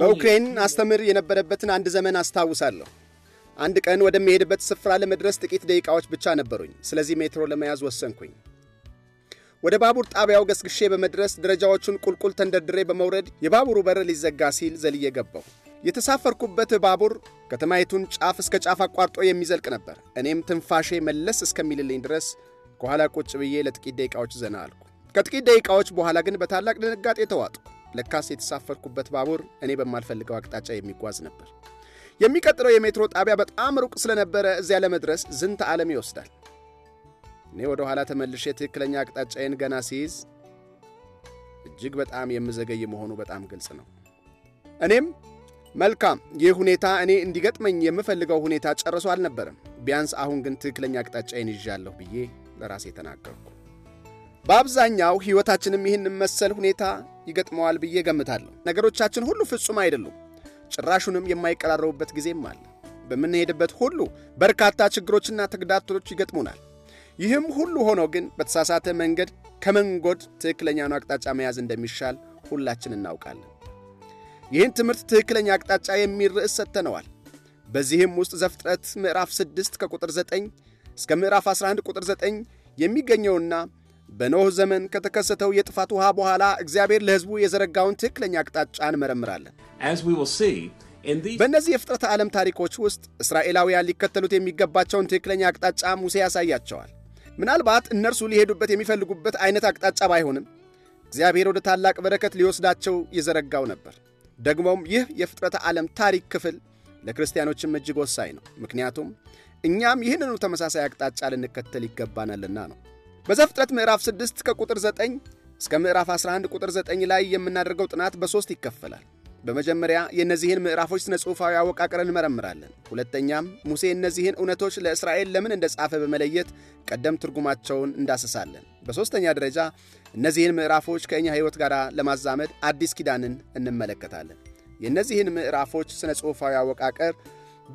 በዩክሬን አስተምር የነበረበትን አንድ ዘመን አስታውሳለሁ። አንድ ቀን ወደሚሄድበት ስፍራ ለመድረስ ጥቂት ደቂቃዎች ብቻ ነበሩኝ። ስለዚህ ሜትሮ ለመያዝ ወሰንኩኝ። ወደ ባቡር ጣቢያው ገስግሼ በመድረስ ደረጃዎቹን ቁልቁል ተንደርድሬ በመውረድ የባቡሩ በር ሊዘጋ ሲል ዘልዬ ገባሁ። የተሳፈርኩበት ባቡር ከተማይቱን ጫፍ እስከ ጫፍ አቋርጦ የሚዘልቅ ነበር። እኔም ትንፋሼ መለስ እስከሚልልኝ ድረስ ከኋላ ቁጭ ብዬ ለጥቂት ደቂቃዎች ዘና አልኩ። ከጥቂት ደቂቃዎች በኋላ ግን በታላቅ ድንጋጤ ተዋጥኩ። ለካስ የተሳፈርኩበት ባቡር እኔ በማልፈልገው አቅጣጫ የሚጓዝ ነበር። የሚቀጥለው የሜትሮ ጣቢያ በጣም ሩቅ ስለነበረ እዚያ ለመድረስ ዝንተ ዓለም ይወስዳል። እኔ ወደ ኋላ ተመልሼ ትክክለኛ አቅጣጫዬን ገና ሲይዝ እጅግ በጣም የምዘገይ መሆኑ በጣም ግልጽ ነው። እኔም መልካም፣ ይህ ሁኔታ እኔ እንዲገጥመኝ የምፈልገው ሁኔታ ጨርሶ አልነበረም። ቢያንስ አሁን ግን ትክክለኛ አቅጣጫዬን ይዣለሁ ብዬ ለራሴ ተናገርኩ። በአብዛኛው ሕይወታችንም ይህን መሰል ሁኔታ ይገጥመዋል ብዬ ገምታለሁ። ነገሮቻችን ሁሉ ፍጹም አይደሉም። ጭራሹንም የማይቀራረቡበት ጊዜም አለ። በምንሄድበት ሁሉ በርካታ ችግሮችና ተግዳሮቶች ይገጥሙናል። ይህም ሁሉ ሆኖ ግን በተሳሳተ መንገድ ከመንጎድ ትክክለኛውን አቅጣጫ መያዝ እንደሚሻል ሁላችን እናውቃለን። ይህን ትምህርት ትክክለኛ አቅጣጫ የሚል ርዕስ ሰጥተነዋል። በዚህም ውስጥ ዘፍጥረት ምዕራፍ 6 ከቁጥር 9 እስከ ምዕራፍ 11 ቁጥር 9 የሚገኘውና በኖህ ዘመን ከተከሰተው የጥፋት ውሃ በኋላ እግዚአብሔር ለሕዝቡ የዘረጋውን ትክክለኛ አቅጣጫ እንመረምራለን። በእነዚህ የፍጥረተ ዓለም ታሪኮች ውስጥ እስራኤላውያን ሊከተሉት የሚገባቸውን ትክክለኛ አቅጣጫ ሙሴ ያሳያቸዋል። ምናልባት እነርሱ ሊሄዱበት የሚፈልጉበት አይነት አቅጣጫ ባይሆንም እግዚአብሔር ወደ ታላቅ በረከት ሊወስዳቸው የዘረጋው ነበር። ደግሞም ይህ የፍጥረተ ዓለም ታሪክ ክፍል ለክርስቲያኖችም እጅግ ወሳኝ ነው። ምክንያቱም እኛም ይህንኑ ተመሳሳይ አቅጣጫ ልንከተል ይገባናልና ነው። በዘፍጥረት ምዕራፍ 6 ከቁጥር 9 እስከ ምዕራፍ 11 ቁጥር 9 ላይ የምናደርገው ጥናት በሦስት ይከፈላል። በመጀመሪያ የእነዚህን ምዕራፎች ስነ ጽሑፋዊ አወቃቀር እንመረምራለን። ሁለተኛም ሙሴ እነዚህን እውነቶች ለእስራኤል ለምን እንደ ጻፈ በመለየት ቀደም ትርጉማቸውን እንዳስሳለን። በሦስተኛ ደረጃ እነዚህን ምዕራፎች ከእኛ ሕይወት ጋር ለማዛመድ አዲስ ኪዳንን እንመለከታለን። የእነዚህን ምዕራፎች ስነ ጽሑፋዊ አወቃቀር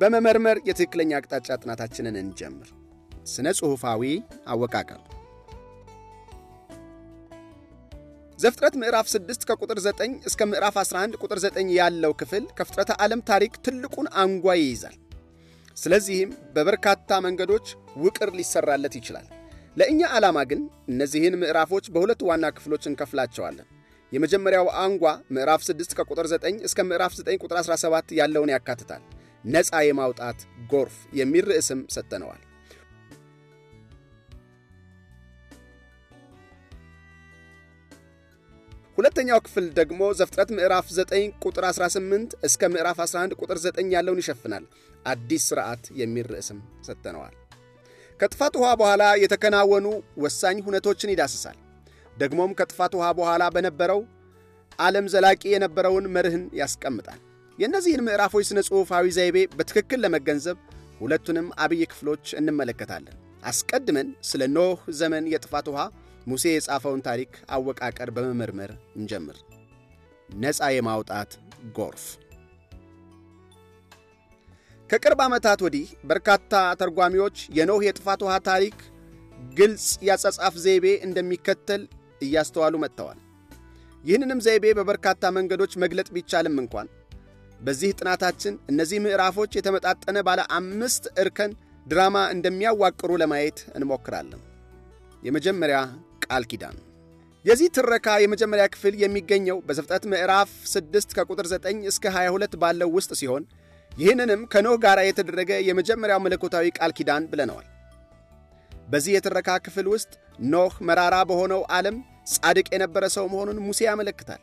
በመመርመር የትክክለኛ አቅጣጫ ጥናታችንን እንጀምር። ስነ ጽሑፋዊ አወቃቀር ዘፍጥረት ምዕራፍ 6 ከቁጥር 9 እስከ ምዕራፍ 11 ቁጥር 9 ያለው ክፍል ከፍጥረተ ዓለም ታሪክ ትልቁን አንጓ ይይዛል። ስለዚህም በበርካታ መንገዶች ውቅር ሊሰራለት ይችላል። ለእኛ ዓላማ ግን እነዚህን ምዕራፎች በሁለት ዋና ክፍሎች እንከፍላቸዋለን። የመጀመሪያው አንጓ ምዕራፍ 6 ከቁጥር 9 እስከ ምዕራፍ 9 ቁጥር 17 ያለውን ያካትታል። ነፃ የማውጣት ጎርፍ የሚል ርዕስም ሰጥተነዋል። ሁለተኛው ክፍል ደግሞ ዘፍጥረት ምዕራፍ 9 ቁጥር 18 እስከ ምዕራፍ 11 ቁጥር 9 ያለውን ይሸፍናል። አዲስ ሥርዓት የሚል ርዕስም ሰጥተነዋል። ከጥፋት ውኃ በኋላ የተከናወኑ ወሳኝ ሁነቶችን ይዳስሳል። ደግሞም ከጥፋት ውኃ በኋላ በነበረው ዓለም ዘላቂ የነበረውን መርህን ያስቀምጣል። የእነዚህን ምዕራፎች ሥነ ጽሑፋዊ ዘይቤ በትክክል ለመገንዘብ ሁለቱንም አብይ ክፍሎች እንመለከታለን። አስቀድመን ስለ ኖህ ዘመን የጥፋት ውኃ ሙሴ የጻፈውን ታሪክ አወቃቀር በመመርመር እንጀምር። ነፃ የማውጣት ጎርፍ። ከቅርብ ዓመታት ወዲህ በርካታ ተርጓሚዎች የኖኅ የጥፋት ውሃ ታሪክ ግልጽ ያጸጻፍ ዘይቤ እንደሚከተል እያስተዋሉ መጥተዋል። ይህንንም ዘይቤ በበርካታ መንገዶች መግለጥ ቢቻልም እንኳን በዚህ ጥናታችን እነዚህ ምዕራፎች የተመጣጠነ ባለ አምስት እርከን ድራማ እንደሚያዋቅሩ ለማየት እንሞክራለን። የመጀመሪያ ቃል ኪዳን የዚህ ትረካ የመጀመሪያ ክፍል የሚገኘው በዘፍጥረት ምዕራፍ 6 ከቁጥር 9 እስከ 22 ባለው ውስጥ ሲሆን ይህንንም ከኖህ ጋር የተደረገ የመጀመሪያው መለኮታዊ ቃል ኪዳን ብለነዋል። በዚህ የትረካ ክፍል ውስጥ ኖህ መራራ በሆነው ዓለም ጻድቅ የነበረ ሰው መሆኑን ሙሴ ያመለክታል።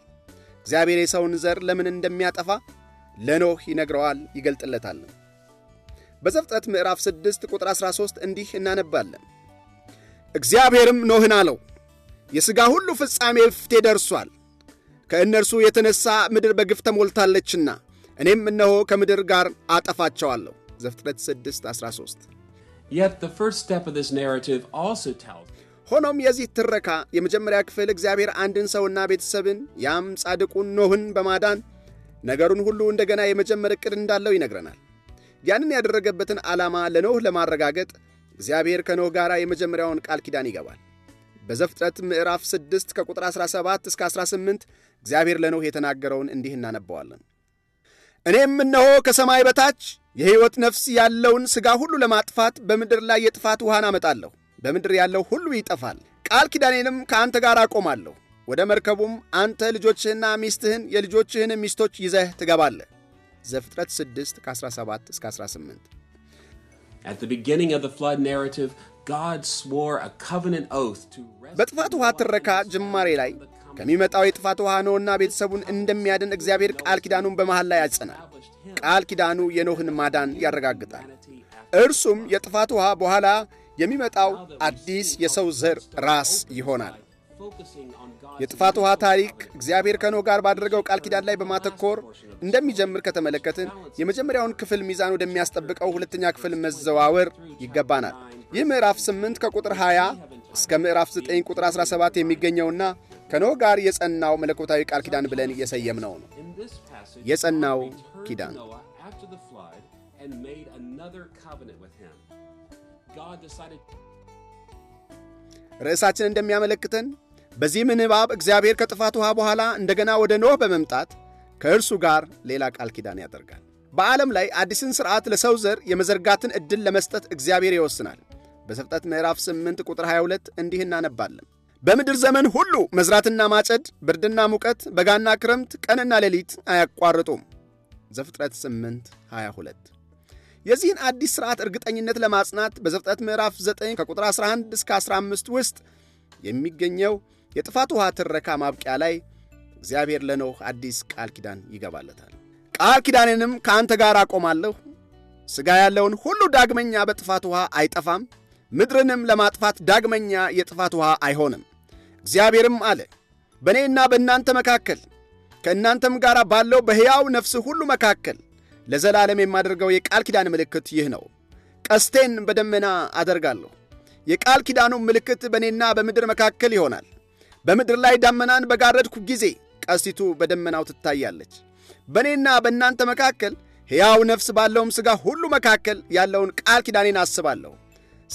እግዚአብሔር የሰውን ዘር ለምን እንደሚያጠፋ ለኖህ ይነግረዋል፣ ይገልጥለታል። በዘፍጥረት ምዕራፍ 6 ቁጥር 13 እንዲህ እናነባለን። እግዚአብሔርም ኖህን አለው የሥጋ ሁሉ ፍጻሜ እፍቴ ደርሷል። ከእነርሱ የተነሣ ምድር በግፍ ተሞልታለችና እኔም እነሆ ከምድር ጋር አጠፋቸዋለሁ። ዘፍጥረት 6 13 ሆኖም የዚህ ትረካ የመጀመሪያ ክፍል እግዚአብሔር አንድን ሰውና ቤተሰብን ያም ጻድቁን ኖህን በማዳን ነገሩን ሁሉ እንደገና የመጀመር ዕቅድ እንዳለው ይነግረናል። ያንን ያደረገበትን ዓላማ ለኖህ ለማረጋገጥ እግዚአብሔር ከኖህ ጋር የመጀመሪያውን ቃል ኪዳን ይገባል። በዘፍጥረት ምዕራፍ 6 ከቁጥር 17 እስከ 18 እግዚአብሔር ለኖህ የተናገረውን እንዲህ እናነበዋለን። እኔም እነሆ ከሰማይ በታች የሕይወት ነፍስ ያለውን ሥጋ ሁሉ ለማጥፋት በምድር ላይ የጥፋት ውሃን አመጣለሁ። በምድር ያለው ሁሉ ይጠፋል። ቃል ኪዳኔንም ከአንተ ጋር አቆማለሁ። ወደ መርከቡም አንተ ልጆችህና ሚስትህን የልጆችህን ሚስቶች ይዘህ ትገባለህ። ዘፍጥረት 6 ከ17 እስከ 18 በጥፋት ውሃ ትረካ ጅማሬ ላይ ከሚመጣው የጥፋት ውሃ ኖኅና ቤተሰቡን እንደሚያድን እግዚአብሔር ቃል ኪዳኑን በመሃል ላይ ያጸናል። ቃል ኪዳኑ የኖኅን ማዳን ያረጋግጣል። እርሱም የጥፋት ውሃ በኋላ የሚመጣው አዲስ የሰው ዘር ራስ ይሆናል። የጥፋት ውሃ ታሪክ እግዚአብሔር ከኖህ ጋር ባደረገው ቃል ኪዳን ላይ በማተኮር እንደሚጀምር ከተመለከትን የመጀመሪያውን ክፍል ሚዛን ወደሚያስጠብቀው ሁለተኛ ክፍል መዘዋወር ይገባናል። ይህ ምዕራፍ 8 ከቁጥር 20 እስከ ምዕራፍ 9 ቁጥር 17 የሚገኘውና ከኖህ ጋር የጸናው መለኮታዊ ቃል ኪዳን ብለን የሰየምነው ነው። የጸናው ኪዳን ርዕሳችን እንደሚያመለክተን በዚህ ምንባብ እግዚአብሔር ከጥፋት ውሃ በኋላ እንደገና ወደ ኖህ በመምጣት ከእርሱ ጋር ሌላ ቃል ኪዳን ያደርጋል። በዓለም ላይ አዲስን ሥርዓት ለሰው ዘር የመዘርጋትን ዕድል ለመስጠት እግዚአብሔር ይወስናል። በዘፍጥረት ምዕራፍ 8 ቁጥር 22 እንዲህ እናነባለን። በምድር ዘመን ሁሉ መዝራትና ማጨድ፣ ብርድና ሙቀት፣ በጋና ክረምት፣ ቀንና ሌሊት አያቋርጡም። ዘፍጥረት 8 22 የዚህን አዲስ ሥርዓት እርግጠኝነት ለማጽናት በዘፍጥረት ምዕራፍ 9 ከቁጥር 11 እስከ 15 ውስጥ የሚገኘው የጥፋት ውሃ ትረካ ማብቂያ ላይ እግዚአብሔር ለኖህ አዲስ ቃል ኪዳን ይገባለታል። ቃል ኪዳኔንም ከአንተ ጋር አቆማለሁ፣ ሥጋ ያለውን ሁሉ ዳግመኛ በጥፋት ውሃ አይጠፋም፣ ምድርንም ለማጥፋት ዳግመኛ የጥፋት ውሃ አይሆንም። እግዚአብሔርም አለ በእኔና በእናንተ መካከል ከእናንተም ጋር ባለው በሕያው ነፍስ ሁሉ መካከል ለዘላለም የማደርገው የቃል ኪዳን ምልክት ይህ ነው። ቀስቴን በደመና አደርጋለሁ። የቃል ኪዳኑ ምልክት በእኔና በምድር መካከል ይሆናል። በምድር ላይ ዳመናን በጋረድኩ ጊዜ ቀስቲቱ በደመናው ትታያለች። በእኔና በእናንተ መካከል ሕያው ነፍስ ባለውም ሥጋ ሁሉ መካከል ያለውን ቃል ኪዳኔን አስባለሁ።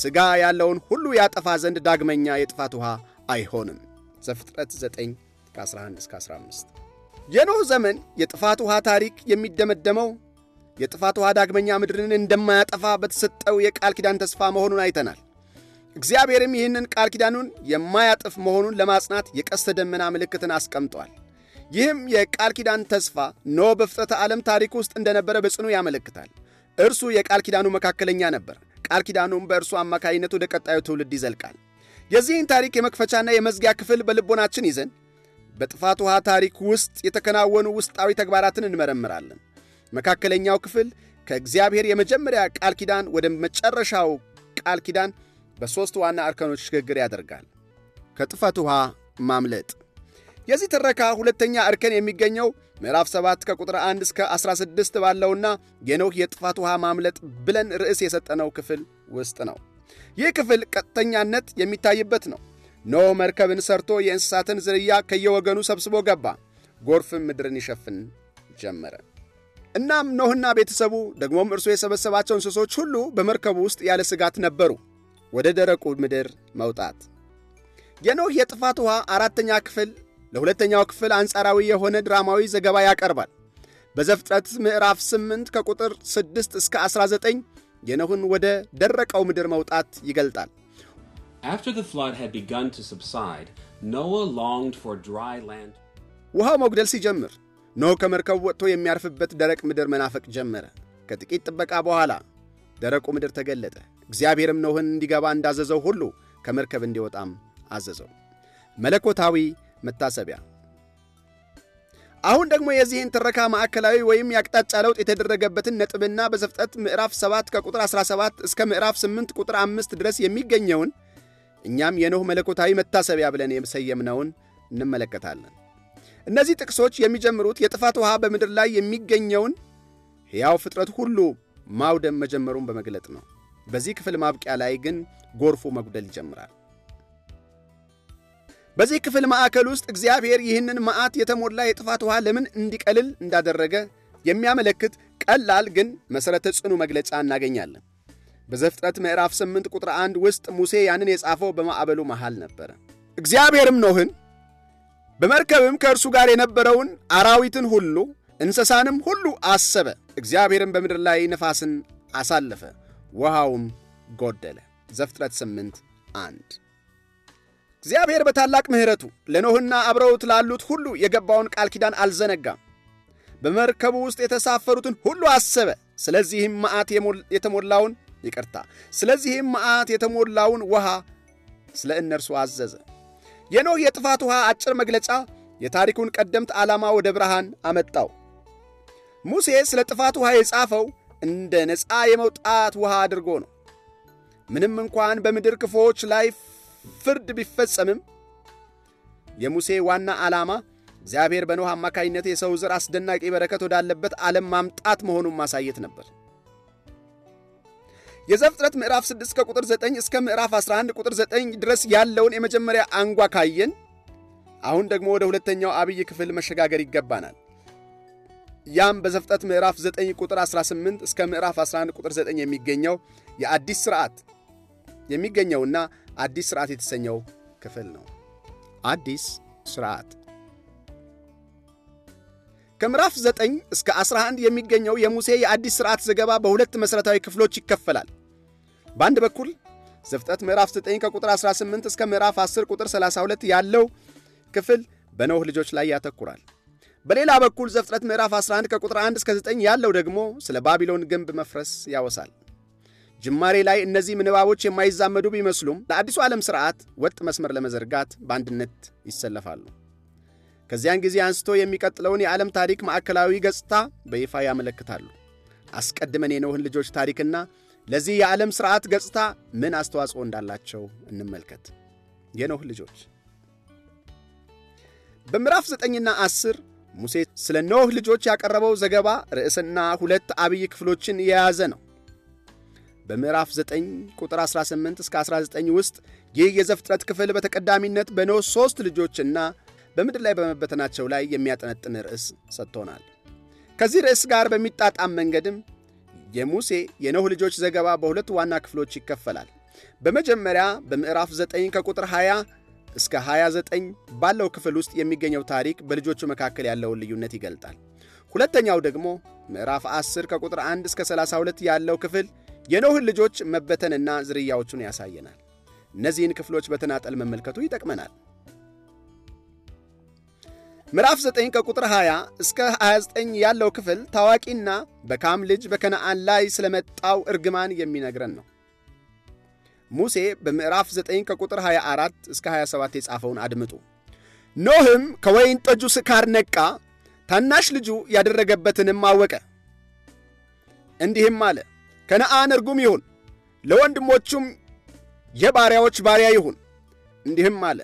ሥጋ ያለውን ሁሉ ያጠፋ ዘንድ ዳግመኛ የጥፋት ውሃ አይሆንም። ዘፍጥረት 9 ከ11-15 ዘመን የጥፋት ውሃ ታሪክ የሚደመደመው የጥፋት ውሃ ዳግመኛ ምድርን እንደማያጠፋ በተሰጠው የቃል ኪዳን ተስፋ መሆኑን አይተናል። እግዚአብሔርም ይህንን ቃል ኪዳኑን የማያጥፍ መሆኑን ለማጽናት የቀስተ ደመና ምልክትን አስቀምጧል። ይህም የቃል ኪዳን ተስፋ ኖ በፍጥረተ ዓለም ታሪክ ውስጥ እንደነበረ በጽኑ ያመለክታል። እርሱ የቃል ኪዳኑ መካከለኛ ነበር። ቃል ኪዳኑም በእርሱ አማካይነት ወደ ቀጣዩ ትውልድ ይዘልቃል። የዚህን ታሪክ የመክፈቻና የመዝጊያ ክፍል በልቦናችን ይዘን በጥፋት ውሃ ታሪክ ውስጥ የተከናወኑ ውስጣዊ ተግባራትን እንመረምራለን። መካከለኛው ክፍል ከእግዚአብሔር የመጀመሪያ ቃል ኪዳን ወደ መጨረሻው ቃል ኪዳን በሦስት ዋና እርከኖች ሽግግር ያደርጋል። ከጥፋት ውሃ ማምለጥ የዚህ ትረካ ሁለተኛ እርከን የሚገኘው ምዕራፍ 7 ከቁጥር 1 እስከ 16 ባለውና የኖኅ የጥፋት ውሃ ማምለጥ ብለን ርዕስ የሰጠነው ክፍል ውስጥ ነው። ይህ ክፍል ቀጥተኛነት የሚታይበት ነው። ኖህ መርከብን ሰርቶ የእንስሳትን ዝርያ ከየወገኑ ሰብስቦ ገባ፣ ጎርፍም ምድርን ይሸፍን ጀመረ። እናም ኖህና ቤተሰቡ ደግሞም እርሱ የሰበሰባቸው እንስሶች ሁሉ በመርከቡ ውስጥ ያለ ስጋት ነበሩ። ወደ ደረቁ ምድር መውጣት። የኖህ የጥፋት ውሃ አራተኛ ክፍል ለሁለተኛው ክፍል አንጻራዊ የሆነ ድራማዊ ዘገባ ያቀርባል። በዘፍጥረት ምዕራፍ 8 ከቁጥር 6 እስከ 19 የነሁን ወደ ደረቀው ምድር መውጣት ይገልጣል። ውሃው መጉደል ሲጀምር ኖህ ከመርከብ ወጥቶ የሚያርፍበት ደረቅ ምድር መናፈቅ ጀመረ። ከጥቂት ጥበቃ በኋላ ደረቁ ምድር ተገለጠ። እግዚአብሔርም ኖኅን እንዲገባ እንዳዘዘው ሁሉ ከመርከብ እንዲወጣም አዘዘው። መለኮታዊ መታሰቢያ። አሁን ደግሞ የዚህን ትረካ ማዕከላዊ ወይም የአቅጣጫ ለውጥ የተደረገበትን ነጥብና በዘፍጥረት ምዕራፍ 7 ከቁጥር 17 እስከ ምዕራፍ 8 ቁጥር 5 ድረስ የሚገኘውን እኛም የኖኅ መለኮታዊ መታሰቢያ ብለን የሰየምነውን እንመለከታለን። እነዚህ ጥቅሶች የሚጀምሩት የጥፋት ውሃ በምድር ላይ የሚገኘውን ሕያው ፍጥረት ሁሉ ማውደም መጀመሩን በመግለጥ ነው። በዚህ ክፍል ማብቂያ ላይ ግን ጎርፉ መጉደል ይጀምራል። በዚህ ክፍል ማዕከል ውስጥ እግዚአብሔር ይህንን መዓት የተሞላ የጥፋት ውሃ ለምን እንዲቀልል እንዳደረገ የሚያመለክት ቀላል ግን መሠረተ ጽኑ መግለጫ እናገኛለን። በዘፍጥረት ምዕራፍ 8 ቁጥር 1 ውስጥ ሙሴ ያንን የጻፈው በማዕበሉ መሃል ነበረ። እግዚአብሔርም ኖህን በመርከብም ከእርሱ ጋር የነበረውን አራዊትን ሁሉ እንስሳንም ሁሉ አሰበ። እግዚአብሔርም በምድር ላይ ነፋስን አሳለፈ ውሃውም ጎደለ። ዘፍጥረት 8 1 እግዚአብሔር በታላቅ ምሕረቱ ለኖህና አብረውት ላሉት ሁሉ የገባውን ቃል ኪዳን አልዘነጋም። በመርከቡ ውስጥ የተሳፈሩትን ሁሉ አሰበ። ስለዚህም መዓት የተሞላውን ይቅርታ፣ ስለዚህም መዓት የተሞላውን ውሃ ስለ እነርሱ አዘዘ። የኖህ የጥፋት ውሃ አጭር መግለጫ የታሪኩን ቀደምት ዓላማ ወደ ብርሃን አመጣው። ሙሴ ስለ ጥፋት ውሃ የጻፈው እንደ ነፃ የመውጣት ውሃ አድርጎ ነው። ምንም እንኳን በምድር ክፎች ላይ ፍርድ ቢፈጸምም የሙሴ ዋና ዓላማ እግዚአብሔር በኖኅ አማካኝነት የሰው ዘር አስደናቂ በረከት ወዳለበት ዓለም ማምጣት መሆኑን ማሳየት ነበር። የዘፍጥረት ምዕራፍ 6 ከቁጥር 9 እስከ ምዕራፍ 11 ቁጥር 9 ድረስ ያለውን የመጀመሪያ አንጓ ካየን አሁን ደግሞ ወደ ሁለተኛው አብይ ክፍል መሸጋገር ይገባናል። ያም በዘፍጠት ምዕራፍ 9 ቁጥር 18 እስከ ምዕራፍ 11 ቁጥር 9 የሚገኘው የአዲስ ስርዓት የሚገኘውና አዲስ ስርዓት የተሰኘው ክፍል ነው። አዲስ ስርዓት ከምዕራፍ 9 እስከ 11 የሚገኘው የሙሴ የአዲስ ስርዓት ዘገባ በሁለት መሠረታዊ ክፍሎች ይከፈላል። በአንድ በኩል ዘፍጠት ምዕራፍ 9 ከቁጥር 18 እስከ ምዕራፍ 10 ቁጥር 32 ያለው ክፍል በኖኅ ልጆች ላይ ያተኩራል። በሌላ በኩል ዘፍጥረት ምዕራፍ 11 ከቁጥር 1 እስከ 9 ያለው ደግሞ ስለ ባቢሎን ግንብ መፍረስ ያወሳል። ጅማሬ ላይ እነዚህ ምንባቦች የማይዛመዱ ቢመስሉም ለአዲሱ ዓለም ሥርዓት ወጥ መስመር ለመዘርጋት በአንድነት ይሰለፋሉ። ከዚያን ጊዜ አንስቶ የሚቀጥለውን የዓለም ታሪክ ማዕከላዊ ገጽታ በይፋ ያመለክታሉ። አስቀድመን የነውህን ልጆች ታሪክና ለዚህ የዓለም ሥርዓት ገጽታ ምን አስተዋጽኦ እንዳላቸው እንመልከት። የኖህ ልጆች በምዕራፍ 9ና ሙሴ ስለ ኖህ ልጆች ያቀረበው ዘገባ ርዕስና ሁለት አብይ ክፍሎችን የያዘ ነው። በምዕራፍ 9 ቁጥር 18 እስከ 19 ውስጥ ይህ የዘፍጥረት ክፍል በተቀዳሚነት በኖህ ሦስት ልጆችና በምድር ላይ በመበተናቸው ላይ የሚያጠነጥን ርዕስ ሰጥቶናል። ከዚህ ርዕስ ጋር በሚጣጣም መንገድም የሙሴ የኖህ ልጆች ዘገባ በሁለት ዋና ክፍሎች ይከፈላል። በመጀመሪያ በምዕራፍ 9 ከቁጥር 20 እስከ 29 ባለው ክፍል ውስጥ የሚገኘው ታሪክ በልጆቹ መካከል ያለውን ልዩነት ይገልጣል። ሁለተኛው ደግሞ ምዕራፍ 10 ከቁጥር 1 እስከ 32 ያለው ክፍል የኖህን ልጆች መበተንና ዝርያዎቹን ያሳየናል። እነዚህን ክፍሎች በተናጠል መመልከቱ ይጠቅመናል። ምዕራፍ 9 ከቁጥር 20 እስከ 29 ያለው ክፍል ታዋቂና በካም ልጅ በከነአን ላይ ስለመጣው እርግማን የሚነግረን ነው። ሙሴ በምዕራፍ 9 ከቁጥር 24 እስከ 27 የጻፈውን አድምጡ። ኖህም ከወይን ጠጁ ስካር ነቃ፣ ታናሽ ልጁ ያደረገበትንም አወቀ። እንዲህም አለ፣ ከነአን እርጉም ይሁን፣ ለወንድሞቹም የባሪያዎች ባሪያ ይሁን። እንዲህም አለ፣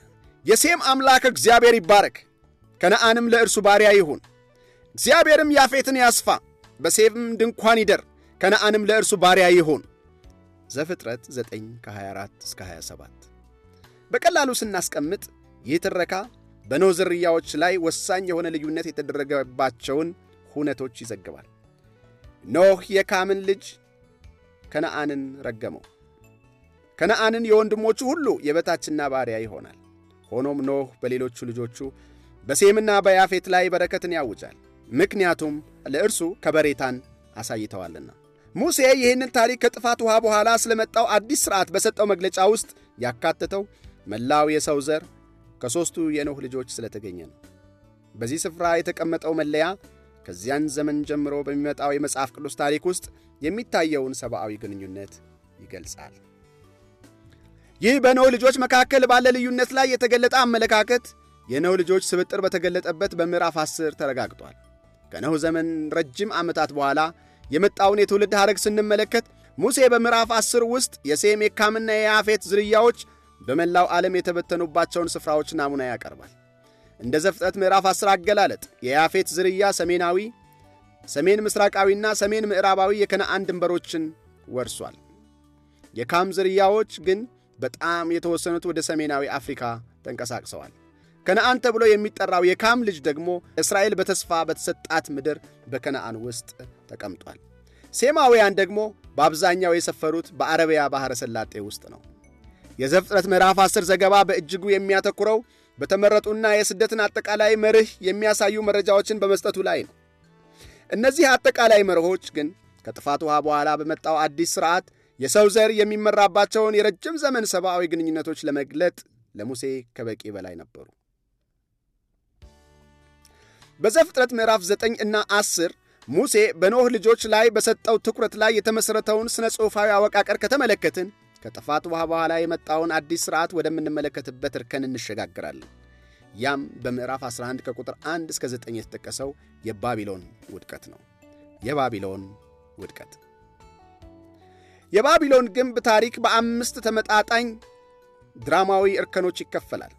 የሴም አምላክ እግዚአብሔር ይባረክ፣ ከነአንም ለእርሱ ባሪያ ይሁን። እግዚአብሔርም ያፌትን ያስፋ፣ በሴም ድንኳን ይደር፣ ከነአንም ለእርሱ ባሪያ ይሁን። ዘፍጥረት 9 ከ24 እስከ 27። በቀላሉ ስናስቀምጥ ይህ ትረካ በኖህ ዝርያዎች ላይ ወሳኝ የሆነ ልዩነት የተደረገባቸውን ሁነቶች ይዘግባል። ኖህ የካምን ልጅ ከነአንን ረገመው። ከነአንን የወንድሞቹ ሁሉ የበታችና ባሪያ ይሆናል። ሆኖም ኖህ በሌሎቹ ልጆቹ በሴምና በያፌት ላይ በረከትን ያውጃል፣ ምክንያቱም ለእርሱ ከበሬታን አሳይተዋልና። ሙሴ ይህንን ታሪክ ከጥፋት ውሃ በኋላ ስለመጣው አዲስ ሥርዓት በሰጠው መግለጫ ውስጥ ያካተተው መላው የሰው ዘር ከሦስቱ የኖኅ ልጆች ስለተገኘ ነው። በዚህ ስፍራ የተቀመጠው መለያ ከዚያን ዘመን ጀምሮ በሚመጣው የመጽሐፍ ቅዱስ ታሪክ ውስጥ የሚታየውን ሰብአዊ ግንኙነት ይገልጻል። ይህ በኖኅ ልጆች መካከል ባለ ልዩነት ላይ የተገለጠ አመለካከት የኖኅ ልጆች ስብጥር በተገለጠበት በምዕራፍ አስር ተረጋግጧል። ከኖኅ ዘመን ረጅም ዓመታት በኋላ የመጣውን የትውልድ ሐረግ ስንመለከት ሙሴ በምዕራፍ ዐሥር ውስጥ የሴም የካምና የያፌት ዝርያዎች በመላው ዓለም የተበተኑባቸውን ስፍራዎች ናሙና ያቀርባል። እንደ ዘፍጥረት ምዕራፍ ዐሥር አገላለጥ የያፌት ዝርያ ሰሜናዊ፣ ሰሜን ምስራቃዊና ሰሜን ምዕራባዊ የከነአን ድንበሮችን ወርሷል። የካም ዝርያዎች ግን በጣም የተወሰኑት ወደ ሰሜናዊ አፍሪካ ተንቀሳቅሰዋል። ከነአን ተብሎ የሚጠራው የካም ልጅ ደግሞ እስራኤል በተስፋ በተሰጣት ምድር በከነአን ውስጥ ተቀምጧል። ሴማውያን ደግሞ በአብዛኛው የሰፈሩት በአረቢያ ባሕረ ሰላጤ ውስጥ ነው። የዘፍጥረት ምዕራፍ 10 ዘገባ በእጅጉ የሚያተኩረው በተመረጡና የስደትን አጠቃላይ መርህ የሚያሳዩ መረጃዎችን በመስጠቱ ላይ ነው። እነዚህ አጠቃላይ መርሆች ግን ከጥፋት ውሃ በኋላ በመጣው አዲስ ሥርዓት የሰው ዘር የሚመራባቸውን የረጅም ዘመን ሰብአዊ ግንኙነቶች ለመግለጥ ለሙሴ ከበቂ በላይ ነበሩ። በዘፍጥረት ምዕራፍ 9 እና 10 ሙሴ በኖኅ ልጆች ላይ በሰጠው ትኩረት ላይ የተመሠረተውን ሥነ ጽሑፋዊ አወቃቀር ከተመለከትን ከጥፋት ውሃ በኋላ የመጣውን አዲስ ሥርዓት ወደምንመለከትበት እርከን እንሸጋግራለን። ያም በምዕራፍ 11 ከቁጥር 1 እስከ 9 የተጠቀሰው የባቢሎን ውድቀት ነው። የባቢሎን ውድቀት የባቢሎን ግንብ ታሪክ በአምስት ተመጣጣኝ ድራማዊ እርከኖች ይከፈላል።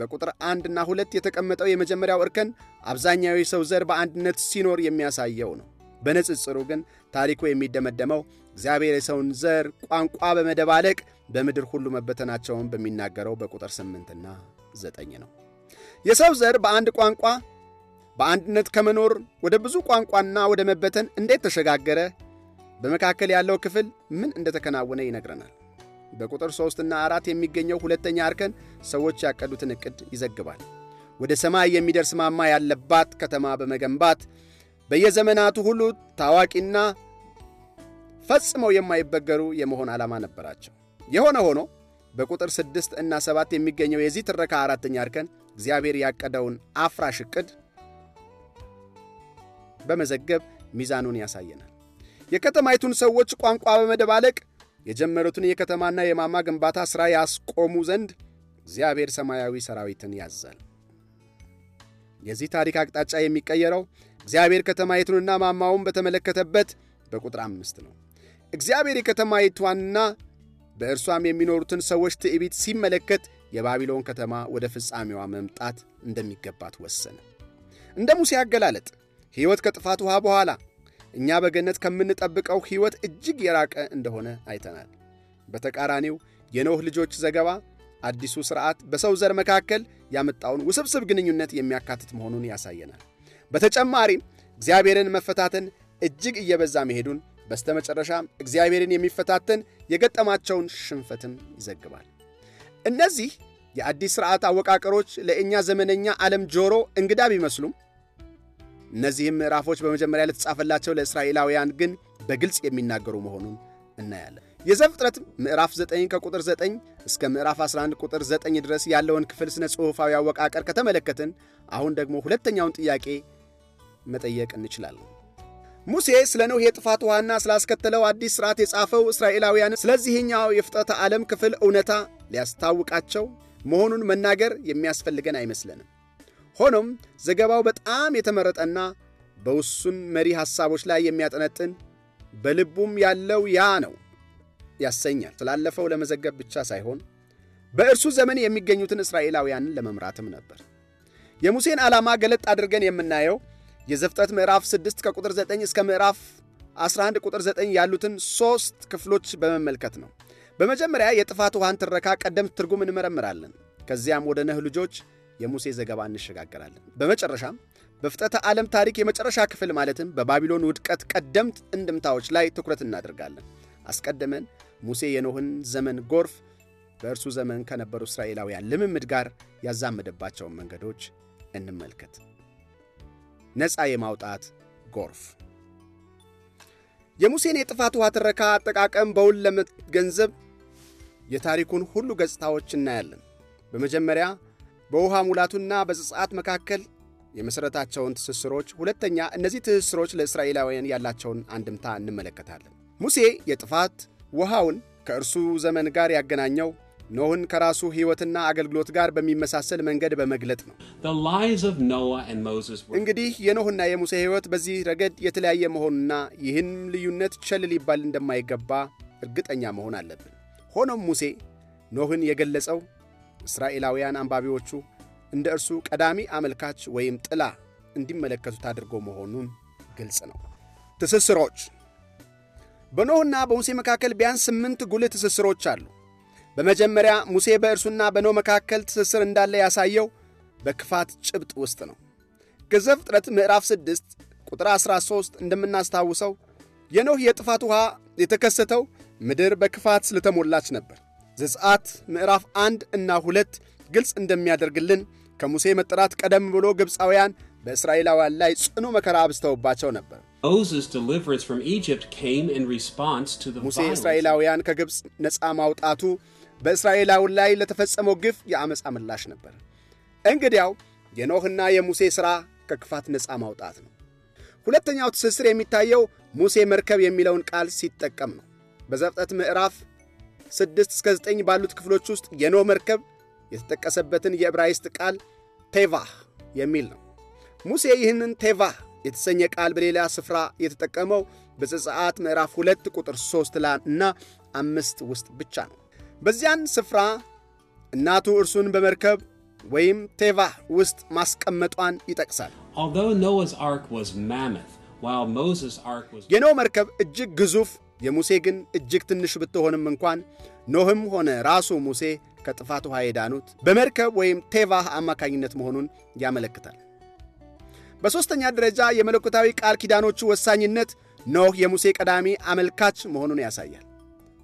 በቁጥር አንድና ሁለት የተቀመጠው የመጀመሪያው እርከን አብዛኛው የሰው ዘር በአንድነት ሲኖር የሚያሳየው ነው። በንጽጽሩ ግን ታሪኩ የሚደመደመው እግዚአብሔር የሰውን ዘር ቋንቋ በመደባለቅ በምድር ሁሉ መበተናቸውን በሚናገረው በቁጥር ስምንትና ዘጠኝ ነው። የሰው ዘር በአንድ ቋንቋ በአንድነት ከመኖር ወደ ብዙ ቋንቋና ወደ መበተን እንዴት ተሸጋገረ? በመካከል ያለው ክፍል ምን እንደተከናወነ ይነግረናል። በቁጥር ሦስትና አራት የሚገኘው ሁለተኛ እርከን ሰዎች ያቀዱትን ዕቅድ ይዘግባል። ወደ ሰማይ የሚደርስ ማማ ያለባት ከተማ በመገንባት በየዘመናቱ ሁሉ ታዋቂና ፈጽመው የማይበገሩ የመሆን ዓላማ ነበራቸው። የሆነ ሆኖ በቁጥር ስድስት እና ሰባት የሚገኘው የዚህ ትረካ አራተኛ እርከን እግዚአብሔር ያቀደውን አፍራሽ ዕቅድ በመዘገብ ሚዛኑን ያሳየናል። የከተማይቱን ሰዎች ቋንቋ በመደባለቅ የጀመሩትን የከተማና የማማ ግንባታ ሥራ ያስቆሙ ዘንድ እግዚአብሔር ሰማያዊ ሰራዊትን ያዛል። የዚህ ታሪክ አቅጣጫ የሚቀየረው እግዚአብሔር ከተማይቱንና ማማውን በተመለከተበት በቁጥር አምስት ነው። እግዚአብሔር የከተማይቷንና በእርሷም የሚኖሩትን ሰዎች ትዕቢት ሲመለከት የባቢሎን ከተማ ወደ ፍጻሜዋ መምጣት እንደሚገባት ወሰነ። እንደ ሙሴ አገላለጥ ሕይወት ከጥፋት ውሃ በኋላ እኛ በገነት ከምንጠብቀው ሕይወት እጅግ የራቀ እንደሆነ አይተናል። በተቃራኒው የኖኅ ልጆች ዘገባ አዲሱ ሥርዓት በሰው ዘር መካከል ያመጣውን ውስብስብ ግንኙነት የሚያካትት መሆኑን ያሳየናል። በተጨማሪም እግዚአብሔርን መፈታተን እጅግ እየበዛ መሄዱን በስተመጨረሻም እግዚአብሔርን የሚፈታተን የገጠማቸውን ሽንፈትም ይዘግባል። እነዚህ የአዲስ ሥርዓት አወቃቀሮች ለእኛ ዘመነኛ ዓለም ጆሮ እንግዳ ቢመስሉም እነዚህም ምዕራፎች በመጀመሪያ ለተጻፈላቸው ለእስራኤላውያን ግን በግልጽ የሚናገሩ መሆኑን እናያለን። የዘፍጥረት ምዕራፍ 9 ከቁጥር 9 እስከ ምዕራፍ 11 ቁጥር 9 ድረስ ያለውን ክፍል ስነ ጽሑፋዊ አወቃቀር ከተመለከትን አሁን ደግሞ ሁለተኛውን ጥያቄ መጠየቅ እንችላለን። ሙሴ ስለ ኖህ የጥፋት ውሃና ስላስከተለው አዲስ ሥርዓት የጻፈው እስራኤላውያን ስለዚህኛው የፍጥረተ ዓለም ክፍል እውነታ ሊያስታውቃቸው መሆኑን መናገር የሚያስፈልገን አይመስለንም። ሆኖም ዘገባው በጣም የተመረጠና በውሱን መሪ ሐሳቦች ላይ የሚያጠነጥን በልቡም ያለው ያ ነው ያሰኛል። ስላለፈው ለመዘገብ ብቻ ሳይሆን በእርሱ ዘመን የሚገኙትን እስራኤላውያንን ለመምራትም ነበር። የሙሴን ዓላማ ገለጥ አድርገን የምናየው የዘፍጠት ምዕራፍ 6 ከቁጥር 9 እስከ ምዕራፍ 11 ቁጥር 9 ያሉትን ሦስት ክፍሎች በመመልከት ነው። በመጀመሪያ የጥፋት ውሃን ትረካ ቀደምት ትርጉም እንመረምራለን። ከዚያም ወደ ነህ ልጆች የሙሴ ዘገባ እንሸጋገራለን። በመጨረሻም በፍጥረተ ዓለም ታሪክ የመጨረሻ ክፍል ማለትም በባቢሎን ውድቀት ቀደምት እንድምታዎች ላይ ትኩረት እናደርጋለን። አስቀድመን ሙሴ የኖህን ዘመን ጎርፍ በእርሱ ዘመን ከነበሩ እስራኤላውያን ልምምድ ጋር ያዛመደባቸውን መንገዶች እንመልከት። ነፃ የማውጣት ጎርፍ የሙሴን የጥፋት ውሃ ትረካ አጠቃቀም በውል ለመገንዘብ የታሪኩን ሁሉ ገጽታዎች እናያለን። በመጀመሪያ በውሃ ሙላቱና በዘጸአት መካከል የመሠረታቸውን ትስስሮች፣ ሁለተኛ እነዚህ ትስስሮች ለእስራኤላውያን ያላቸውን አንድምታ እንመለከታለን። ሙሴ የጥፋት ውሃውን ከእርሱ ዘመን ጋር ያገናኘው ኖህን ከራሱ ሕይወትና አገልግሎት ጋር በሚመሳሰል መንገድ በመግለጥ ነው። እንግዲህ የኖህና የሙሴ ሕይወት በዚህ ረገድ የተለያየ መሆኑና ይህን ልዩነት ቸል ሊባል እንደማይገባ እርግጠኛ መሆን አለብን። ሆኖም ሙሴ ኖህን የገለጸው እስራኤላውያን አንባቢዎቹ እንደ እርሱ ቀዳሚ አመልካች ወይም ጥላ እንዲመለከቱት አድርጎ መሆኑን ግልጽ ነው። ትስስሮች በኖህና በሙሴ መካከል ቢያንስ ስምንት ጉልህ ትስስሮች አሉ። በመጀመሪያ ሙሴ በእርሱና በኖህ መካከል ትስስር እንዳለ ያሳየው በክፋት ጭብጥ ውስጥ ነው። ከዘፍጥረት ምዕራፍ 6 ቁጥር 13 እንደምናስታውሰው የኖህ የጥፋት ውሃ የተከሰተው ምድር በክፋት ስለተሞላች ነበር። ዘጸአት ምዕራፍ አንድ እና ሁለት ግልጽ እንደሚያደርግልን ከሙሴ መጠራት ቀደም ብሎ ግብፃውያን በእስራኤላውያን ላይ ጽኑ መከራ አብዝተውባቸው ነበር። ሙሴ እስራኤላውያን ከግብፅ ነፃ ማውጣቱ በእስራኤላውን ላይ ለተፈጸመው ግፍ የአመፃ ምላሽ ነበር። እንግዲያው የኖህና የሙሴ ሥራ ከክፋት ነፃ ማውጣት ነው። ሁለተኛው ትስስር የሚታየው ሙሴ መርከብ የሚለውን ቃል ሲጠቀም ነው። በዘፍጥረት ምዕራፍ 6 እስከ 9 ባሉት ክፍሎች ውስጥ የኖ መርከብ የተጠቀሰበትን የዕብራይስጥ ቃል ቴቫህ የሚል ነው። ሙሴ ይህንን ቴቫህ የተሰኘ ቃል በሌላ ስፍራ የተጠቀመው በዘጸአት ምዕራፍ 2 ቁጥር 3 ላ እና አምስት ውስጥ ብቻ ነው። በዚያን ስፍራ እናቱ እርሱን በመርከብ ወይም ቴቫህ ውስጥ ማስቀመጧን ይጠቅሳል። የኖ መርከብ እጅግ ግዙፍ የሙሴ ግን እጅግ ትንሽ ብትሆንም እንኳን ኖህም ሆነ ራሱ ሙሴ ከጥፋት ውሃ የዳኑት በመርከብ ወይም ቴቫህ አማካኝነት መሆኑን ያመለክታል። በሦስተኛ ደረጃ የመለኮታዊ ቃል ኪዳኖቹ ወሳኝነት ኖህ የሙሴ ቀዳሚ አመልካች መሆኑን ያሳያል።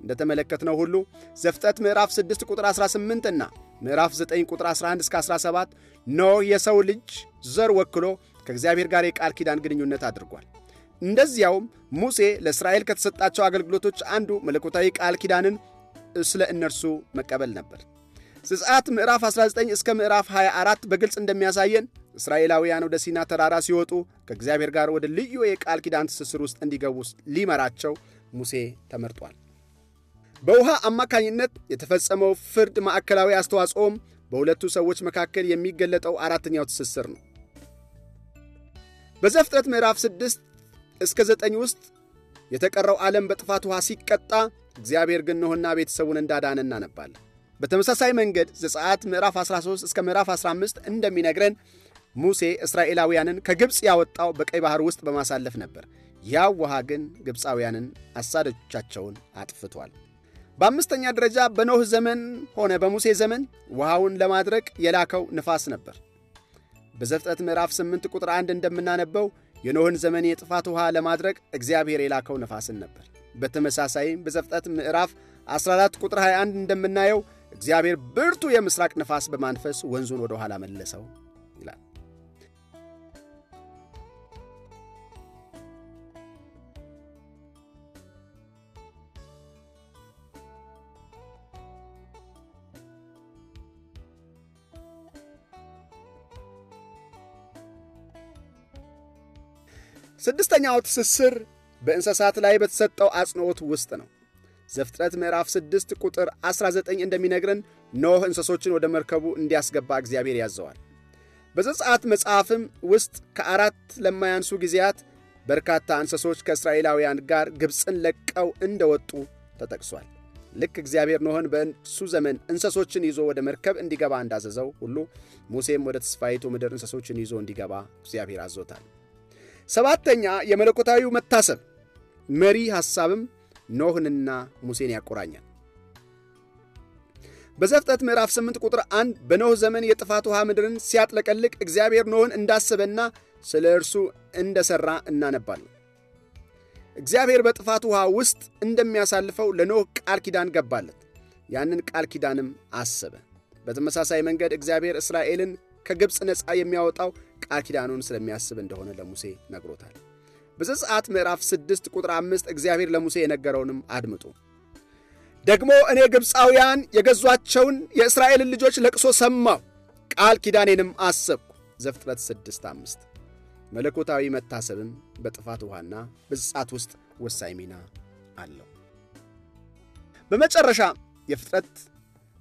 እንደተመለከትነው ሁሉ ዘፍጠት ምዕራፍ 6 ቁጥር 18 እና ምዕራፍ 9 ቁጥር 11 እስከ 17 ኖህ የሰው ልጅ ዘር ወክሎ ከእግዚአብሔር ጋር የቃል ኪዳን ግንኙነት አድርጓል። እንደዚያውም ሙሴ ለእስራኤል ከተሰጣቸው አገልግሎቶች አንዱ መለኮታዊ ቃል ኪዳንን ስለ እነርሱ መቀበል ነበር። ዘጸአት ምዕራፍ 19 እስከ ምዕራፍ 24 በግልጽ እንደሚያሳየን እስራኤላውያን ወደ ሲና ተራራ ሲወጡ ከእግዚአብሔር ጋር ወደ ልዩ የቃል ኪዳን ትስስር ውስጥ እንዲገቡ ሊመራቸው ሙሴ ተመርጧል። በውሃ አማካኝነት የተፈጸመው ፍርድ ማዕከላዊ አስተዋጽኦም በሁለቱ ሰዎች መካከል የሚገለጠው አራተኛው ትስስር ነው። በዘፍጥረት ምዕራፍ 6 እስከ ዘጠኝ ውስጥ የተቀረው ዓለም በጥፋት ውሃ ሲቀጣ እግዚአብሔር ግን ኖኅና ቤተሰቡን እንዳዳነ እናነባለን። በተመሳሳይ መንገድ ዘጸአት ምዕራፍ 13 እስከ ምዕራፍ 15 እንደሚነግረን ሙሴ እስራኤላውያንን ከግብፅ ያወጣው በቀይ ባህር ውስጥ በማሳለፍ ነበር። ያው ውሃ ግን ግብፃውያንን አሳደቻቸውን አጥፍቷል። በአምስተኛ ደረጃ በኖህ ዘመን ሆነ በሙሴ ዘመን ውሃውን ለማድረቅ የላከው ንፋስ ነበር። በዘፍጥረት ምዕራፍ 8 ቁጥር 1 እንደምናነበው የኖህን ዘመን የጥፋት ውሃ ለማድረግ እግዚአብሔር የላከው ነፋስን ነበር። በተመሳሳይም በዘፍጠት ምዕራፍ 14 ቁጥር 21 እንደምናየው እግዚአብሔር ብርቱ የምሥራቅ ነፋስ በማንፈስ ወንዙን ወደ ኋላ መለሰው ስድስተኛው ትስስር በእንስሳት ላይ በተሰጠው አጽንዖት ውስጥ ነው። ዘፍጥረት ምዕራፍ 6 ቁጥር 19 እንደሚነግረን ኖህ እንስሶችን ወደ መርከቡ እንዲያስገባ እግዚአብሔር ያዘዋል። በዘጸአት መጽሐፍም ውስጥ ከአራት ለማያንሱ ጊዜያት በርካታ እንስሶች ከእስራኤላውያን ጋር ግብፅን ለቀው እንደወጡ ተጠቅሷል። ልክ እግዚአብሔር ኖህን በእሱ ዘመን እንስሶችን ይዞ ወደ መርከብ እንዲገባ እንዳዘዘው ሁሉ ሙሴም ወደ ተስፋይቱ ምድር እንስሶችን ይዞ እንዲገባ እግዚአብሔር አዞታል። ሰባተኛ የመለኮታዊው መታሰብ መሪ ሐሳብም ኖህንና ሙሴን ያቆራኛል። በዘፍጠት ምዕራፍ 8 ቁጥር 1 በኖህ ዘመን የጥፋት ውሃ ምድርን ሲያጥለቀልቅ እግዚአብሔር ኖህን እንዳሰበና ስለ እርሱ እንደሠራ እናነባለን። እግዚአብሔር በጥፋት ውሃ ውስጥ እንደሚያሳልፈው ለኖህ ቃል ኪዳን ገባለት። ያንን ቃል ኪዳንም አሰበ። በተመሳሳይ መንገድ እግዚአብሔር እስራኤልን ከግብፅ ነፃ የሚያወጣው ቃል ኪዳኑን ስለሚያስብ እንደሆነ ለሙሴ ነግሮታል። በዘጸአት ምዕራፍ 6 ቁጥር 5 እግዚአብሔር ለሙሴ የነገረውንም አድምጡ። ደግሞ እኔ ግብፃውያን የገዟቸውን የእስራኤልን ልጆች ለቅሶ ሰማሁ፣ ቃል ኪዳኔንም አሰብኩ። ዘፍጥረት 6 5 መለኮታዊ መታሰብም በጥፋት ውሃና በዘጸአት ውስጥ ወሳኝ ሚና አለው። በመጨረሻ የፍጥረት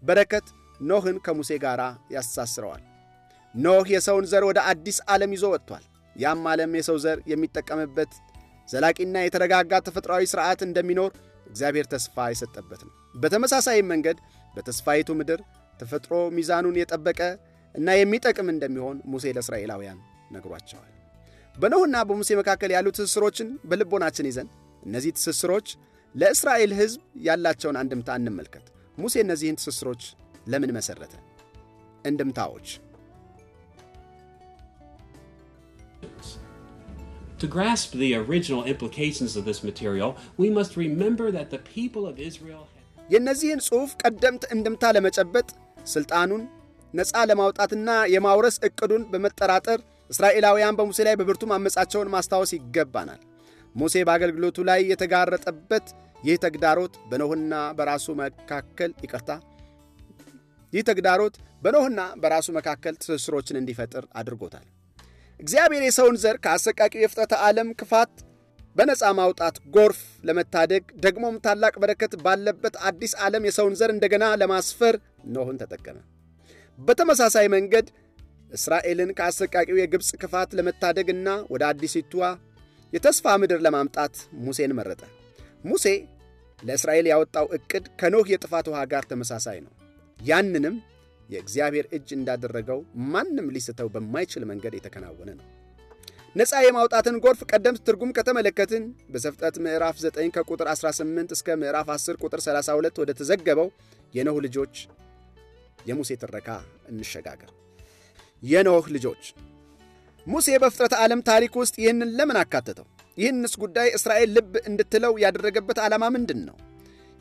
በረከት ኖህን ከሙሴ ጋር ያስተሳስረዋል። ኖህ የሰውን ዘር ወደ አዲስ ዓለም ይዞ ወጥቷል። ያም ዓለም የሰው ዘር የሚጠቀምበት ዘላቂና የተረጋጋ ተፈጥሯዊ ሥርዓት እንደሚኖር እግዚአብሔር ተስፋ የሰጠበት ነው። በተመሳሳይም መንገድ በተስፋይቱ ምድር ተፈጥሮ ሚዛኑን የጠበቀ እና የሚጠቅም እንደሚሆን ሙሴ ለእስራኤላውያን ነግሯቸዋል። በኖህና በሙሴ መካከል ያሉ ትስስሮችን በልቦናችን ይዘን እነዚህ ትስስሮች ለእስራኤል ሕዝብ ያላቸውን አንድምታ እንመልከት። ሙሴ እነዚህን ትስስሮች ለምን መሠረተ? እንድምታዎች To grasp the original implications of this material, we must remember that the people of Israel የእነዚህን ጽሑፍ ቀደምት እንድምታ ለመጨበጥ ሥልጣኑን ነፃ ለማውጣትና የማውረስ ዕቅዱን በመጠራጠር እስራኤላውያን በሙሴ ላይ በብርቱ ማመፃቸውን ማስታወስ ይገባናል። ሙሴ በአገልግሎቱ ላይ የተጋረጠበት ይህ ተግዳሮት በኖህና በራሱ መካከል ይቅርታ፣ ይህ ተግዳሮት በኖህና በራሱ መካከል ትስስሮችን እንዲፈጥር አድርጎታል። እግዚአብሔር የሰውን ዘር ከአሰቃቂ የፍጥረተ ዓለም ክፋት በነፃ ማውጣት ጎርፍ ለመታደግ ደግሞም ታላቅ በረከት ባለበት አዲስ ዓለም የሰውን ዘር እንደገና ለማስፈር ኖህን ተጠቀመ። በተመሳሳይ መንገድ እስራኤልን ከአሰቃቂው የግብፅ ክፋት ለመታደግና ወደ አዲሲቷ የተስፋ ምድር ለማምጣት ሙሴን መረጠ። ሙሴ ለእስራኤል ያወጣው ዕቅድ ከኖህ የጥፋት ውሃ ጋር ተመሳሳይ ነው። ያንንም የእግዚአብሔር እጅ እንዳደረገው ማንም ሊስተው በማይችል መንገድ የተከናወነ ነው። ነፃ የማውጣትን ጎርፍ ቀደምት ትርጉም ከተመለከትን በዘፍጥረት ምዕራፍ 9 ከቁጥር 18 እስከ ምዕራፍ 10 ቁጥር 32 ወደ ተዘገበው የኖህ ልጆች የሙሴ ትረካ እንሸጋገር። የኖህ ልጆች ሙሴ በፍጥረት ዓለም ታሪክ ውስጥ ይህንን ለምን አካተተው? ይህንስ ጉዳይ እስራኤል ልብ እንድትለው ያደረገበት ዓላማ ምንድን ነው?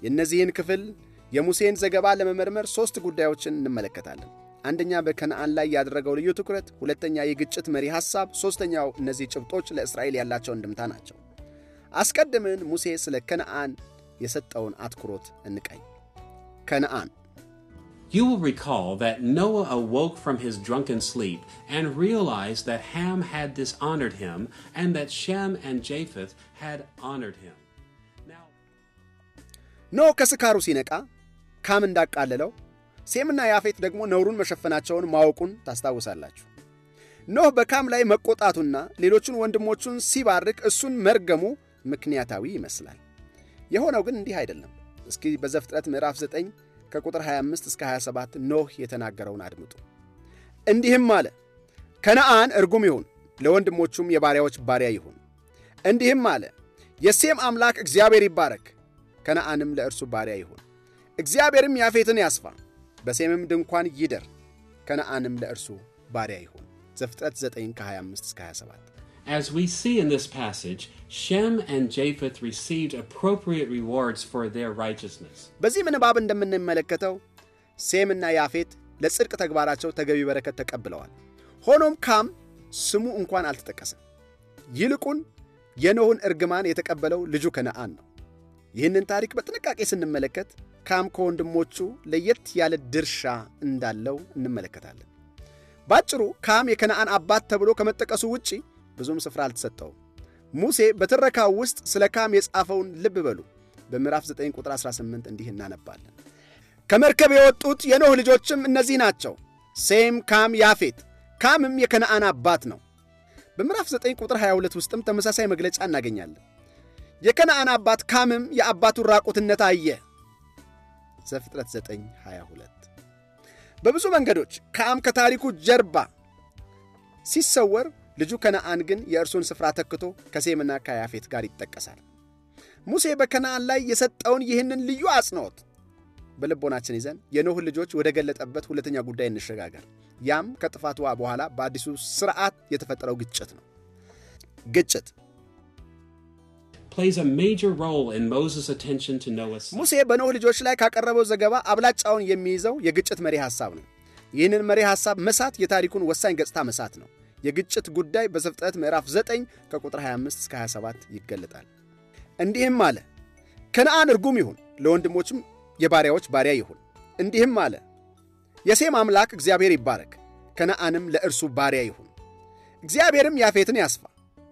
የእነዚህን ክፍል የሙሴን ዘገባ ለመመርመር ሦስት ጉዳዮችን እንመለከታለን። አንደኛ፣ በከነአን ላይ ያደረገው ልዩ ትኩረት፣ ሁለተኛ፣ የግጭት መሪ ሐሳብ፣ ሦስተኛው እነዚህ ጭብጦች ለእስራኤል ያላቸው እንድምታ ናቸው። አስቀድመን ሙሴ ስለ ከነአን የሰጠውን አትኩሮት እንቀኝ። ከነአን You will recall that Noah awoke from his drunken sleep and realized that Ham had dishonored him and that Shem and Japheth had honored him. Now... ኖህ ከስካሩ ሲነቃ ካም እንዳቃለለው፣ ሴምና ያፌት ደግሞ ነውሩን መሸፈናቸውን ማወቁን ታስታውሳላችሁ። ኖህ በካም ላይ መቆጣቱና ሌሎቹን ወንድሞቹን ሲባርክ እሱን መርገሙ ምክንያታዊ ይመስላል። የሆነው ግን እንዲህ አይደለም። እስኪ በዘፍጥረት ምዕራፍ 9 ከቁጥር 25 እስከ 27 ኖህ የተናገረውን አድምጡ። እንዲህም አለ፣ ከነአን እርጉም ይሁን፣ ለወንድሞቹም የባሪያዎች ባሪያ ይሁን። እንዲህም አለ፣ የሴም አምላክ እግዚአብሔር ይባረክ፣ ከነአንም ለእርሱ ባሪያ ይሁን። እግዚአብሔርም ያፌትን ያስፋ፣ በሴምም ድንኳን ይደር፣ ከነአንም ለእርሱ ባሪያ ይሁን። ዘፍጥረት 9 ከ25-27 እስከ As we see in this passage, Shem and Japheth received appropriate rewards for their righteousness. በዚህ ምንባብ እንደምንመለከተው ሴምና ያፌት ለጽድቅ ተግባራቸው ተገቢ በረከት ተቀብለዋል። ሆኖም ካም ስሙ እንኳን አልተጠቀሰም። ይልቁን የኖህን እርግማን የተቀበለው ልጁ ከነአን ነው። ይህንን ታሪክ በጥንቃቄ ስንመለከት ካም ከወንድሞቹ ለየት ያለ ድርሻ እንዳለው እንመለከታለን። ባጭሩ ካም የከነአን አባት ተብሎ ከመጠቀሱ ውጪ ብዙም ስፍራ አልተሰጠውም። ሙሴ በትረካው ውስጥ ስለ ካም የጻፈውን ልብ በሉ። በምዕራፍ 9 ቁጥር 18 እንዲህ እናነባለን። ከመርከብ የወጡት የኖህ ልጆችም እነዚህ ናቸው፣ ሴም፣ ካም፣ ያፌት። ካምም የከነአን አባት ነው። በምዕራፍ 9 ቁጥር 22 ውስጥም ተመሳሳይ መግለጫ እናገኛለን። የከነአን አባት ካምም የአባቱን ራቁትነት አየ፣ ዘፍጥረት 9:22 በብዙ መንገዶች ከአም ከታሪኩ ጀርባ ሲሰወር ልጁ ከነአን ግን የእርሱን ስፍራ ተክቶ ከሴምና ከያፌት ጋር ይጠቀሳል። ሙሴ በከነአን ላይ የሰጠውን ይህንን ልዩ አጽንዖት በልቦናችን ይዘን የኖህ ልጆች ወደ ገለጠበት ሁለተኛ ጉዳይ እንሸጋገር። ያም ከጥፋት ውሃ በኋላ በአዲሱ ስርዓት የተፈጠረው ግጭት ነው። ግጭት ሙሴ በኖህ ልጆች ላይ ካቀረበው ዘገባ አብላጫውን የሚይዘው የግጭት መሪ ሐሳብ ነው። ይህንን መሪ ሐሳብ መሳት የታሪኩን ወሳኝ ገጽታ መሳት ነው። የግጭት ጉዳይ በዘፍጥረት ምዕራፍ 9 ከቁጥር 25 እስከ 27 ይገለጣል። እንዲህም አለ፣ ከነአን እርጉም ይሁን፣ ለወንድሞችም የባሪያዎች ባሪያ ይሁን። እንዲህም አለ፣ የሴም አምላክ እግዚአብሔር ይባረክ፣ ከነአንም ለእርሱ ባሪያ ይሁን። እግዚአብሔርም ያፌትን ያስፋ፣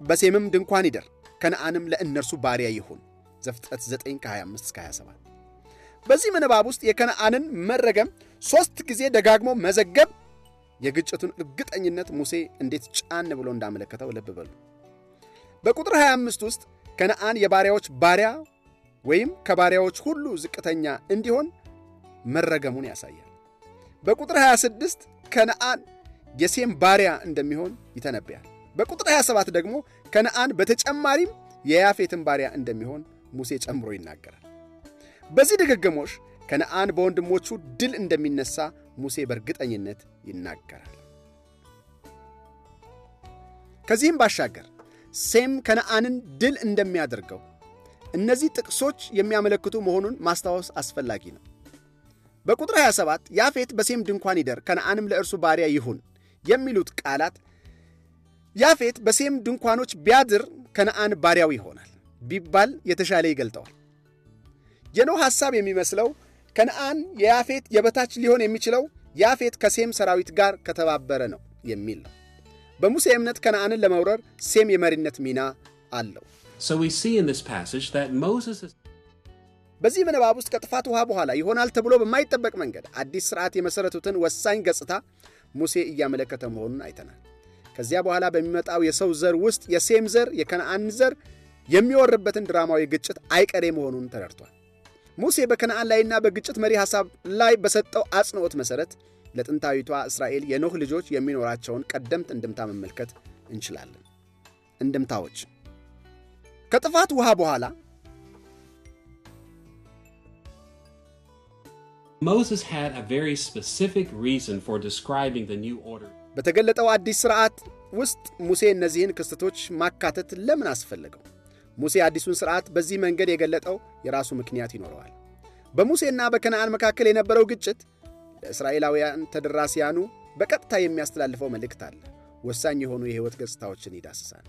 በሴምም ድንኳን ይደር ከነአንም ለእነርሱ ባሪያ ይሁን። ዘፍጥረት 9 ከ25 እስከ 27። በዚህ ምንባብ ውስጥ የከነአንን መረገም ሦስት ጊዜ ደጋግሞ መዘገብ የግጭቱን እርግጠኝነት ሙሴ እንዴት ጫን ብሎ እንዳመለከተው ልብ በሉ። በቁጥር 25 ውስጥ ከነአን የባሪያዎች ባሪያ ወይም ከባሪያዎች ሁሉ ዝቅተኛ እንዲሆን መረገሙን ያሳያል። በቁጥር 26 ከነአን የሴም ባሪያ እንደሚሆን ይተነብያል። በቁጥር 27 ደግሞ ከነአን በተጨማሪም የያፌትን ባሪያ እንደሚሆን ሙሴ ጨምሮ ይናገራል። በዚህ ድግግሞሽ ከነአን በወንድሞቹ ድል እንደሚነሳ ሙሴ በእርግጠኝነት ይናገራል። ከዚህም ባሻገር ሴም ከነአንን ድል እንደሚያደርገው እነዚህ ጥቅሶች የሚያመለክቱ መሆኑን ማስታወስ አስፈላጊ ነው። በቁጥር 27 ያፌት በሴም ድንኳን ይደር፣ ከነአንም ለእርሱ ባሪያ ይሁን የሚሉት ቃላት ያፌት በሴም ድንኳኖች ቢያድር ከነአን ባሪያው ይሆናል ቢባል የተሻለ ይገልጠዋል። የኖህ ሐሳብ የሚመስለው ከነአን የያፌት የበታች ሊሆን የሚችለው ያፌት ከሴም ሰራዊት ጋር ከተባበረ ነው የሚል ነው። በሙሴ እምነት ከነአንን ለመውረር ሴም የመሪነት ሚና አለው። በዚህ ምንባብ ውስጥ ከጥፋት ውሃ በኋላ ይሆናል ተብሎ በማይጠበቅ መንገድ አዲስ ስርዓት የመሠረቱትን ወሳኝ ገጽታ ሙሴ እያመለከተ መሆኑን አይተናል። ከዚያ በኋላ በሚመጣው የሰው ዘር ውስጥ የሴም ዘር የከነአን ዘር የሚወርበትን ድራማዊ ግጭት አይቀሬ መሆኑን ተረድቷል። ሙሴ በከነአን ላይና በግጭት መሪ ሐሳብ ላይ በሰጠው አጽንዖት መሠረት ለጥንታዊቷ እስራኤል የኖህ ልጆች የሚኖራቸውን ቀደምት እንድምታ መመልከት እንችላለን። እንድምታዎች ከጥፋት ውሃ በኋላ Moses had a very specific reason for describing the new order. በተገለጠው አዲስ ሥርዓት ውስጥ ሙሴ እነዚህን ክስተቶች ማካተት ለምን አስፈለገው? ሙሴ አዲሱን ሥርዓት በዚህ መንገድ የገለጠው የራሱ ምክንያት ይኖረዋል። በሙሴና በከነአን መካከል የነበረው ግጭት ለእስራኤላውያን ተደራሲያኑ በቀጥታ የሚያስተላልፈው መልእክት አለ። ወሳኝ የሆኑ የሕይወት ገጽታዎችን ይዳስሳል።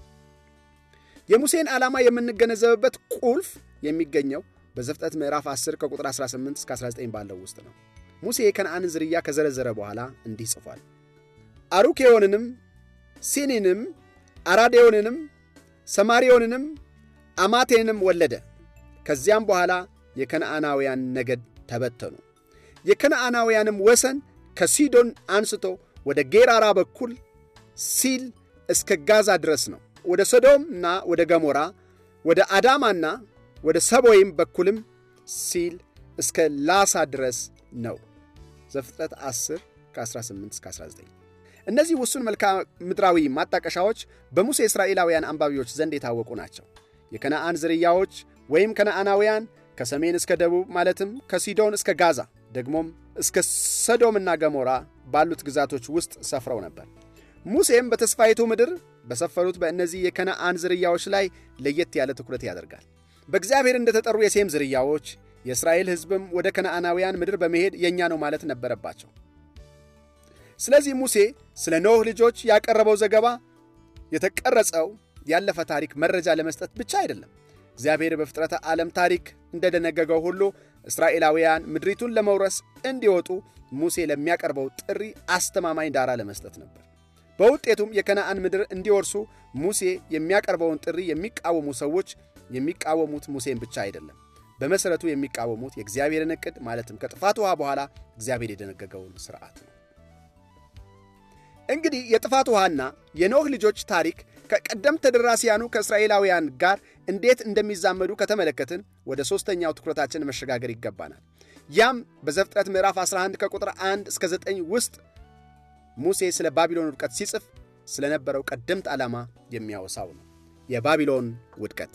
የሙሴን ዓላማ የምንገነዘብበት ቁልፍ የሚገኘው በዘፍጠት ምዕራፍ 10 ከቁጥር 18 እስከ 19 ባለው ውስጥ ነው። ሙሴ የከነአንን ዝርያ ከዘረዘረ በኋላ እንዲህ ጽፏል። አሩኬዮንንም ሲኒንም አራዴዮንንም ሰማሪዮንንም አማቴንም ወለደ። ከዚያም በኋላ የከነአናውያን ነገድ ተበተኑ። የከነአናውያንም ወሰን ከሲዶን አንስቶ ወደ ጌራራ በኩል ሲል እስከ ጋዛ ድረስ ነው። ወደ ሶዶምና ወደ ገሞራ፣ ወደ አዳማና ወደ ሰቦይም በኩልም ሲል እስከ ላሳ ድረስ ነው። ዘፍጥረት 10 ከ18 እስከ 19 እነዚህ ውሱን መልካ ምድራዊ ማጣቀሻዎች በሙሴ እስራኤላውያን አንባቢዎች ዘንድ የታወቁ ናቸው። የከነአን ዝርያዎች ወይም ከነአናውያን ከሰሜን እስከ ደቡብ ማለትም ከሲዶን እስከ ጋዛ ደግሞም እስከ ሰዶምና ገሞራ ባሉት ግዛቶች ውስጥ ሰፍረው ነበር። ሙሴም በተስፋይቱ ምድር በሰፈሩት በእነዚህ የከነአን ዝርያዎች ላይ ለየት ያለ ትኩረት ያደርጋል። በእግዚአብሔር እንደተጠሩ የሴም ዝርያዎች የእስራኤል ሕዝብም ወደ ከነአናውያን ምድር በመሄድ የእኛ ነው ማለት ነበረባቸው። ስለዚህ ሙሴ ስለ ኖህ ልጆች ያቀረበው ዘገባ የተቀረጸው ያለፈ ታሪክ መረጃ ለመስጠት ብቻ አይደለም። እግዚአብሔር በፍጥረተ ዓለም ታሪክ እንደደነገገው ሁሉ እስራኤላውያን ምድሪቱን ለመውረስ እንዲወጡ ሙሴ ለሚያቀርበው ጥሪ አስተማማኝ ዳራ ለመስጠት ነበር። በውጤቱም የከነአን ምድር እንዲወርሱ ሙሴ የሚያቀርበውን ጥሪ የሚቃወሙ ሰዎች የሚቃወሙት ሙሴን ብቻ አይደለም። በመሠረቱ የሚቃወሙት የእግዚአብሔርን ዕቅድ ማለትም ከጥፋት ውሃ በኋላ እግዚአብሔር የደነገገውን ሥርዓት ነው። እንግዲህ የጥፋት ውሃና የኖህ ልጆች ታሪክ ከቀደምት ተደራሲያኑ ከእስራኤላውያን ጋር እንዴት እንደሚዛመዱ ከተመለከትን ወደ ሦስተኛው ትኩረታችን መሸጋገር ይገባናል። ያም በዘፍጥረት ምዕራፍ 11 ከቁጥር 1 እስከ 9 ውስጥ ሙሴ ስለ ባቢሎን ውድቀት ሲጽፍ ስለነበረው ቀደምት ዓላማ የሚያወሳው ነው። የባቢሎን ውድቀት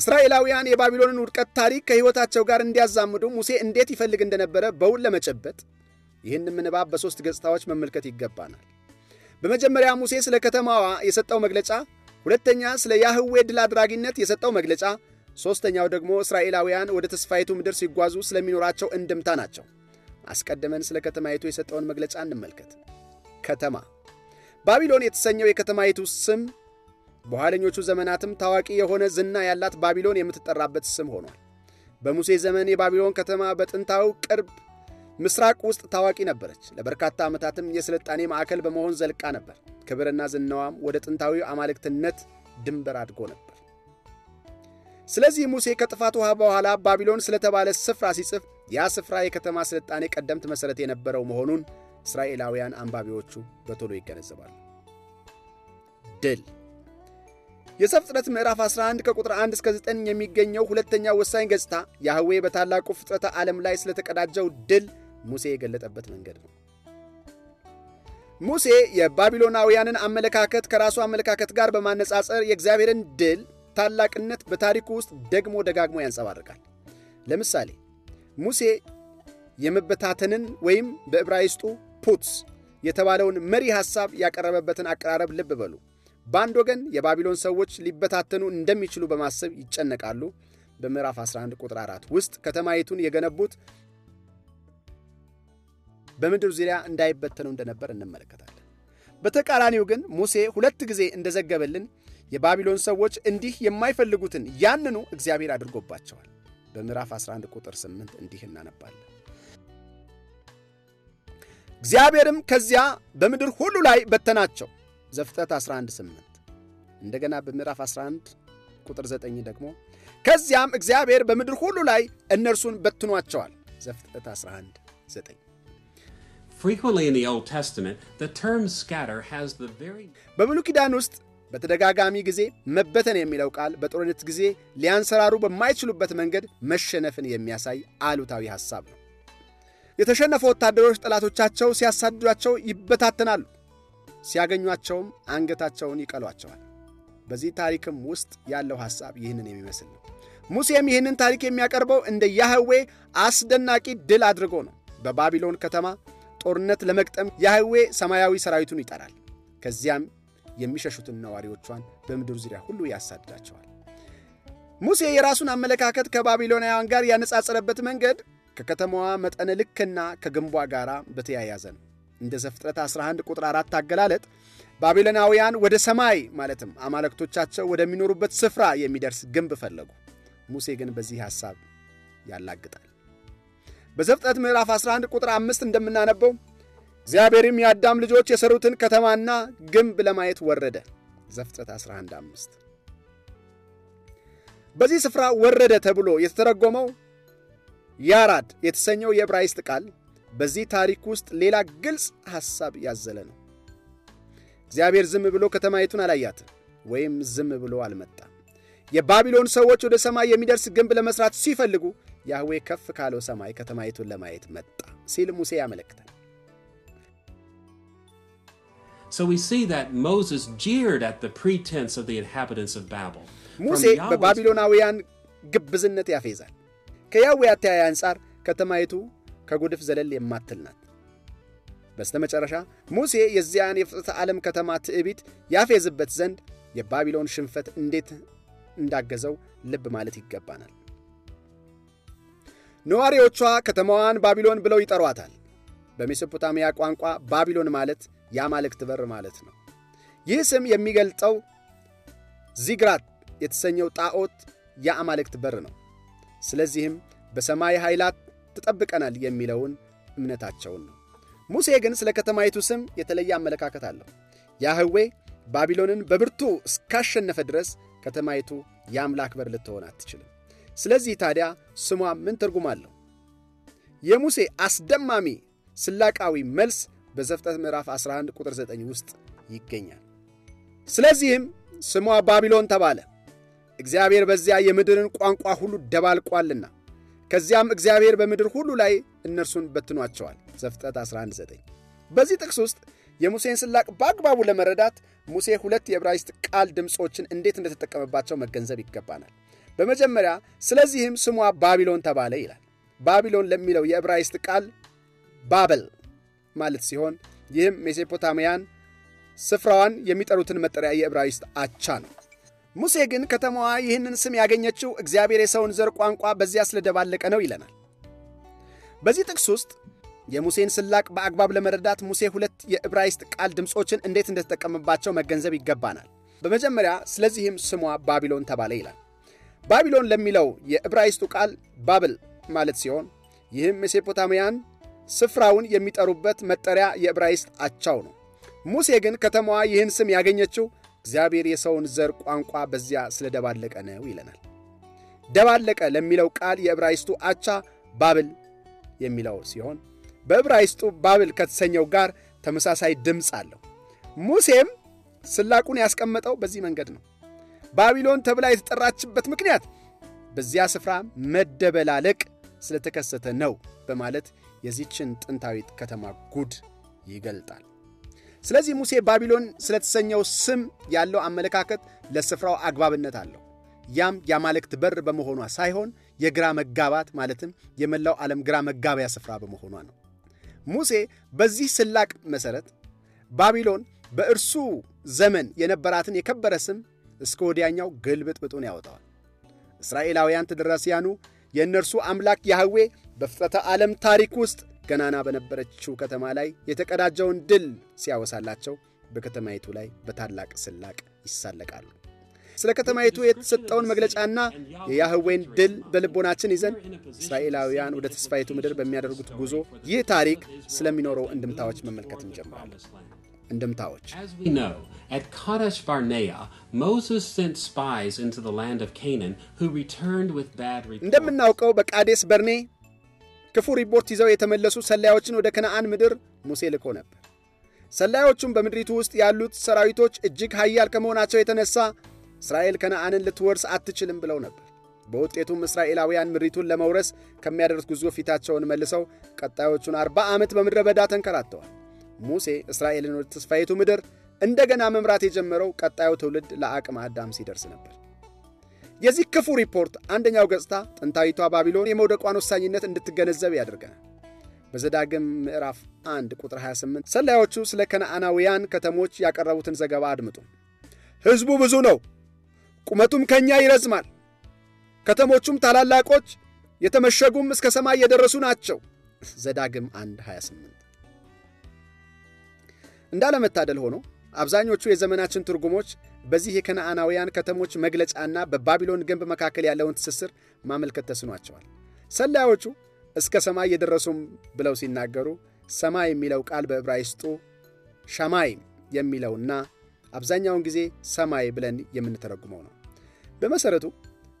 እስራኤላውያን የባቢሎንን ውድቀት ታሪክ ከሕይወታቸው ጋር እንዲያዛምዱ ሙሴ እንዴት ይፈልግ እንደነበረ በውን ለመጨበጥ ይህንም ንባብ በሦስት ገጽታዎች መመልከት ይገባናል። በመጀመሪያ ሙሴ ስለ ከተማዋ የሰጠው መግለጫ፣ ሁለተኛ ስለ ያህዌ ድል አድራጊነት የሰጠው መግለጫ፣ ሦስተኛው ደግሞ እስራኤላውያን ወደ ተስፋይቱ ምድር ሲጓዙ ስለሚኖራቸው እንድምታ ናቸው። አስቀድመን ስለ ከተማይቱ የሰጠውን መግለጫ እንመልከት። ከተማ ባቢሎን የተሰኘው የከተማይቱ ስም በኋለኞቹ ዘመናትም ታዋቂ የሆነ ዝና ያላት ባቢሎን የምትጠራበት ስም ሆኗል። በሙሴ ዘመን የባቢሎን ከተማ በጥንታዊ ቅርብ ምስራቅ ውስጥ ታዋቂ ነበረች። ለበርካታ ዓመታትም የስልጣኔ ማዕከል በመሆን ዘልቃ ነበር። ክብርና ዝናዋም ወደ ጥንታዊ አማልክትነት ድንበር አድጎ ነበር። ስለዚህ ሙሴ ከጥፋት ውሃ በኋላ ባቢሎን ስለተባለ ስፍራ ሲጽፍ ያ ስፍራ የከተማ ስልጣኔ ቀደምት መሠረት የነበረው መሆኑን እስራኤላውያን አንባቢዎቹ በቶሎ ይገነዘባሉ። ድል የዘፍጥረት ምዕራፍ 11 ከቁጥር 1 እስከ 9 የሚገኘው ሁለተኛ ወሳኝ ገጽታ ያህዌ በታላቁ ፍጥረተ ዓለም ላይ ስለተቀዳጀው ድል ሙሴ የገለጠበት መንገድ ነው። ሙሴ የባቢሎናውያንን አመለካከት ከራሱ አመለካከት ጋር በማነጻጸር የእግዚአብሔርን ድል ታላቅነት በታሪኩ ውስጥ ደግሞ ደጋግሞ ያንጸባርቃል። ለምሳሌ ሙሴ የመበታተንን ወይም በዕብራይስጡ ፑትስ የተባለውን መሪ ሐሳብ ያቀረበበትን አቀራረብ ልብ በሉ። በአንድ ወገን የባቢሎን ሰዎች ሊበታተኑ እንደሚችሉ በማሰብ ይጨነቃሉ። በምዕራፍ 11 ቁጥር 4 ውስጥ ከተማይቱን የገነቡት በምድር ዙሪያ እንዳይበተኑ እንደነበር እንመለከታለን። በተቃራኒው ግን ሙሴ ሁለት ጊዜ እንደዘገበልን የባቢሎን ሰዎች እንዲህ የማይፈልጉትን ያንኑ እግዚአብሔር አድርጎባቸዋል። በምዕራፍ 11 ቁጥር 8 እንዲህ እናነባለን። እግዚአብሔርም ከዚያ በምድር ሁሉ ላይ በተናቸው። ዘፍጥረት 11 8 እንደገና በምዕራፍ 11 ቁጥር 9 ደግሞ ከዚያም እግዚአብሔር በምድር ሁሉ ላይ እነርሱን በትኗቸዋል። ዘፍጥረት 11 9 በብሉይ ኪዳን ውስጥ በተደጋጋሚ ጊዜ መበተን የሚለው ቃል በጦርነት ጊዜ ሊያንሰራሩ በማይችሉበት መንገድ መሸነፍን የሚያሳይ አሉታዊ ሐሳብ ነው። የተሸነፉ ወታደሮች ጠላቶቻቸው ሲያሳድዷቸው ይበታተናሉ፣ ሲያገኟቸውም አንገታቸውን ይቀሏቸዋል። በዚህ ታሪክም ውስጥ ያለው ሐሳብ ይህንን የሚመስል ነው። ሙሴም ይህንን ታሪክ የሚያቀርበው እንደ ያህዌ አስደናቂ ድል አድርጎ ነው። በባቢሎን ከተማ ጦርነት ለመቅጠም የሃይዌ ሰማያዊ ሰራዊቱን ይጠራል። ከዚያም የሚሸሹትን ነዋሪዎቿን በምድር ዙሪያ ሁሉ ያሳድዳቸዋል። ሙሴ የራሱን አመለካከት ከባቢሎናውያን ጋር ያነጻጸረበት መንገድ ከከተማዋ መጠነ ልክና ከግንቧ ጋር በተያያዘ ነው። እንደ ዘፍጥረት 11 ቁጥር 4 አገላለጥ ባቢሎናውያን ወደ ሰማይ ማለትም አማልክቶቻቸው ወደሚኖሩበት ስፍራ የሚደርስ ግንብ ፈለጉ። ሙሴ ግን በዚህ ሐሳብ ያላግጣል። በዘፍጥረት ምዕራፍ 11 ቁጥር 5 እንደምናነበው እግዚአብሔርም የአዳም ልጆች የሰሩትን ከተማና ግንብ ለማየት ወረደ። ዘፍጥረት 11 5 በዚህ ስፍራ ወረደ ተብሎ የተተረጎመው ያራድ የተሰኘው የዕብራይስጥ ቃል በዚህ ታሪክ ውስጥ ሌላ ግልጽ ሐሳብ ያዘለ ነው። እግዚአብሔር ዝም ብሎ ከተማይቱን አላያትም ወይም ዝም ብሎ አልመጣም። የባቢሎን ሰዎች ወደ ሰማይ የሚደርስ ግንብ ለመስራት ሲፈልጉ ያህዌ ከፍ ካለው ሰማይ ከተማይቱን ለማየት መጣ ሲል ሙሴ ያመለክታል። ሙሴ በባቢሎናውያን ግብዝነት ያፌዛል። ከያዌ አተያይ አንጻር ከተማይቱ ከጉድፍ ዘለል የማትል ናት። በስተመጨረሻ ሙሴ የዚያን የፍጥረተ ዓለም ከተማ ትዕቢት ያፌዝበት ዘንድ የባቢሎን ሽንፈት እንዴት እንዳገዘው ልብ ማለት ይገባናል። ነዋሪዎቿ ከተማዋን ባቢሎን ብለው ይጠሯታል። በሜሶፖታሚያ ቋንቋ ባቢሎን ማለት የአማልክት በር ማለት ነው። ይህ ስም የሚገልጠው ዚግራት የተሰኘው ጣዖት የአማልክት በር ነው። ስለዚህም በሰማይ ኃይላት ትጠብቀናል የሚለውን እምነታቸውን ነው። ሙሴ ግን ስለ ከተማይቱ ስም የተለየ አመለካከት አለው። ያህዌ ባቢሎንን በብርቱ እስካሸነፈ ድረስ ከተማይቱ የአምላክ በር ልትሆን አትችልም። ስለዚህ ታዲያ ስሟ ምን ትርጉም አለው? የሙሴ አስደማሚ ስላቃዊ መልስ በዘፍጠት ምዕራፍ 11 ቁጥር 9 ውስጥ ይገኛል። ስለዚህም ስሟ ባቢሎን ተባለ፣ እግዚአብሔር በዚያ የምድርን ቋንቋ ሁሉ ደባልቋልና። ከዚያም እግዚአብሔር በምድር ሁሉ ላይ እነርሱን በትኗቸዋል። ዘፍጠት 11 9 በዚህ ጥቅስ ውስጥ የሙሴን ስላቅ በአግባቡ ለመረዳት ሙሴ ሁለት የዕብራይስጥ ቃል ድምፆችን እንዴት እንደተጠቀመባቸው መገንዘብ ይገባናል። በመጀመሪያ ስለዚህም ስሟ ባቢሎን ተባለ ይላል። ባቢሎን ለሚለው የዕብራይስጥ ቃል ባበል ማለት ሲሆን ይህም ሜሶፖታሚያን ስፍራዋን የሚጠሩትን መጠሪያ የዕብራይስጥ አቻ ነው። ሙሴ ግን ከተማዋ ይህንን ስም ያገኘችው እግዚአብሔር የሰውን ዘር ቋንቋ በዚያ ስለደባለቀ ነው ይለናል። በዚህ ጥቅስ ውስጥ የሙሴን ስላቅ በአግባብ ለመረዳት ሙሴ ሁለት የዕብራይስጥ ቃል ድምፆችን እንዴት እንደተጠቀመባቸው መገንዘብ ይገባናል። በመጀመሪያ ስለዚህም ስሟ ባቢሎን ተባለ ይላል። ባቢሎን ለሚለው የዕብራይስጡ ቃል ባብል ማለት ሲሆን ይህም ሜሶፖታሚያን ስፍራውን የሚጠሩበት መጠሪያ የዕብራይስጥ አቻው ነው። ሙሴ ግን ከተማዋ ይህን ስም ያገኘችው እግዚአብሔር የሰውን ዘር ቋንቋ በዚያ ስለደባለቀ ነው ይለናል። ደባለቀ ለሚለው ቃል የዕብራይስጡ አቻ ባብል የሚለው ሲሆን በዕብራይስጡ ባብል ከተሰኘው ጋር ተመሳሳይ ድምፅ አለው። ሙሴም ስላቁን ያስቀመጠው በዚህ መንገድ ነው። ባቢሎን ተብላ የተጠራችበት ምክንያት በዚያ ስፍራ መደበላለቅ ስለተከሰተ ነው በማለት የዚችን ጥንታዊት ከተማ ጉድ ይገልጣል። ስለዚህ ሙሴ ባቢሎን ስለተሰኘው ስም ያለው አመለካከት ለስፍራው አግባብነት አለው። ያም የአማልክት በር በመሆኗ ሳይሆን የግራ መጋባት ማለትም የመላው ዓለም ግራ መጋቢያ ስፍራ በመሆኗ ነው። ሙሴ በዚህ ስላቅ መሠረት ባቢሎን በእርሱ ዘመን የነበራትን የከበረ ስም እስከ ወዲያኛው ግልብጥብጡን ያወጣዋል። እስራኤላውያን ተደራሲያኑ የእነርሱ አምላክ ያህዌ በፍጥረተ ዓለም ታሪክ ውስጥ ገናና በነበረችው ከተማ ላይ የተቀዳጀውን ድል ሲያወሳላቸው በከተማይቱ ላይ በታላቅ ስላቅ ይሳለቃሉ። ስለ ከተማይቱ የተሰጠውን መግለጫና የያህዌን ድል በልቦናችን ይዘን እስራኤላውያን ወደ ተስፋይቱ ምድር በሚያደርጉት ጉዞ ይህ ታሪክ ስለሚኖረው እንድምታዎች መመልከት እንጀምራለን። እንድምታዎች At Kadesh Barnea, Moses sent spies into the land of Canaan who returned with bad reports. እንደምናውቀው በቃዴስ በርኔ ክፉ ሪፖርት ይዘው የተመለሱ ሰላዮችን ወደ ከነአን ምድር ሙሴ ልኮ ነበር። ሰላዮቹም በምድሪቱ ውስጥ ያሉት ሰራዊቶች እጅግ ኃያል ከመሆናቸው የተነሳ እስራኤል ከነአንን ልትወርስ አትችልም ብለው ነበር። በውጤቱም እስራኤላውያን ምሪቱን ለመውረስ ከሚያደርስ ጉዞ ፊታቸውን መልሰው ቀጣዮቹን አርባ ዓመት በምድረ በዳ ተንከራተዋል። ሙሴ እስራኤልን ወደ ተስፋይቱ ምድር እንደገና መምራት የጀመረው ቀጣዩ ትውልድ ለአቅመ አዳም ሲደርስ ነበር። የዚህ ክፉ ሪፖርት አንደኛው ገጽታ ጥንታዊቷ ባቢሎን የመውደቋን ወሳኝነት እንድትገነዘብ ያደርገናል። በዘዳግም ምዕራፍ 1 ቁጥር 28 ሰላዮቹ ስለ ከነአናውያን ከተሞች ያቀረቡትን ዘገባ አድምጡ። ሕዝቡ ብዙ ነው ቁመቱም ከእኛ ይረዝማል። ከተሞቹም ታላላቆች የተመሸጉም እስከ ሰማይ የደረሱ ናቸው። ዘዳግም 1 28 እንዳለመታደል ሆኖ አብዛኞቹ የዘመናችን ትርጉሞች በዚህ የከነዓናውያን ከተሞች መግለጫና በባቢሎን ግንብ መካከል ያለውን ትስስር ማመልከት ተስኗቸዋል። ሰላዮቹ እስከ ሰማይ የደረሱም ብለው ሲናገሩ ሰማይ የሚለው ቃል በዕብራይስጡ ሻማይም የሚለውና አብዛኛውን ጊዜ ሰማይ ብለን የምንተረጉመው ነው። በመሰረቱ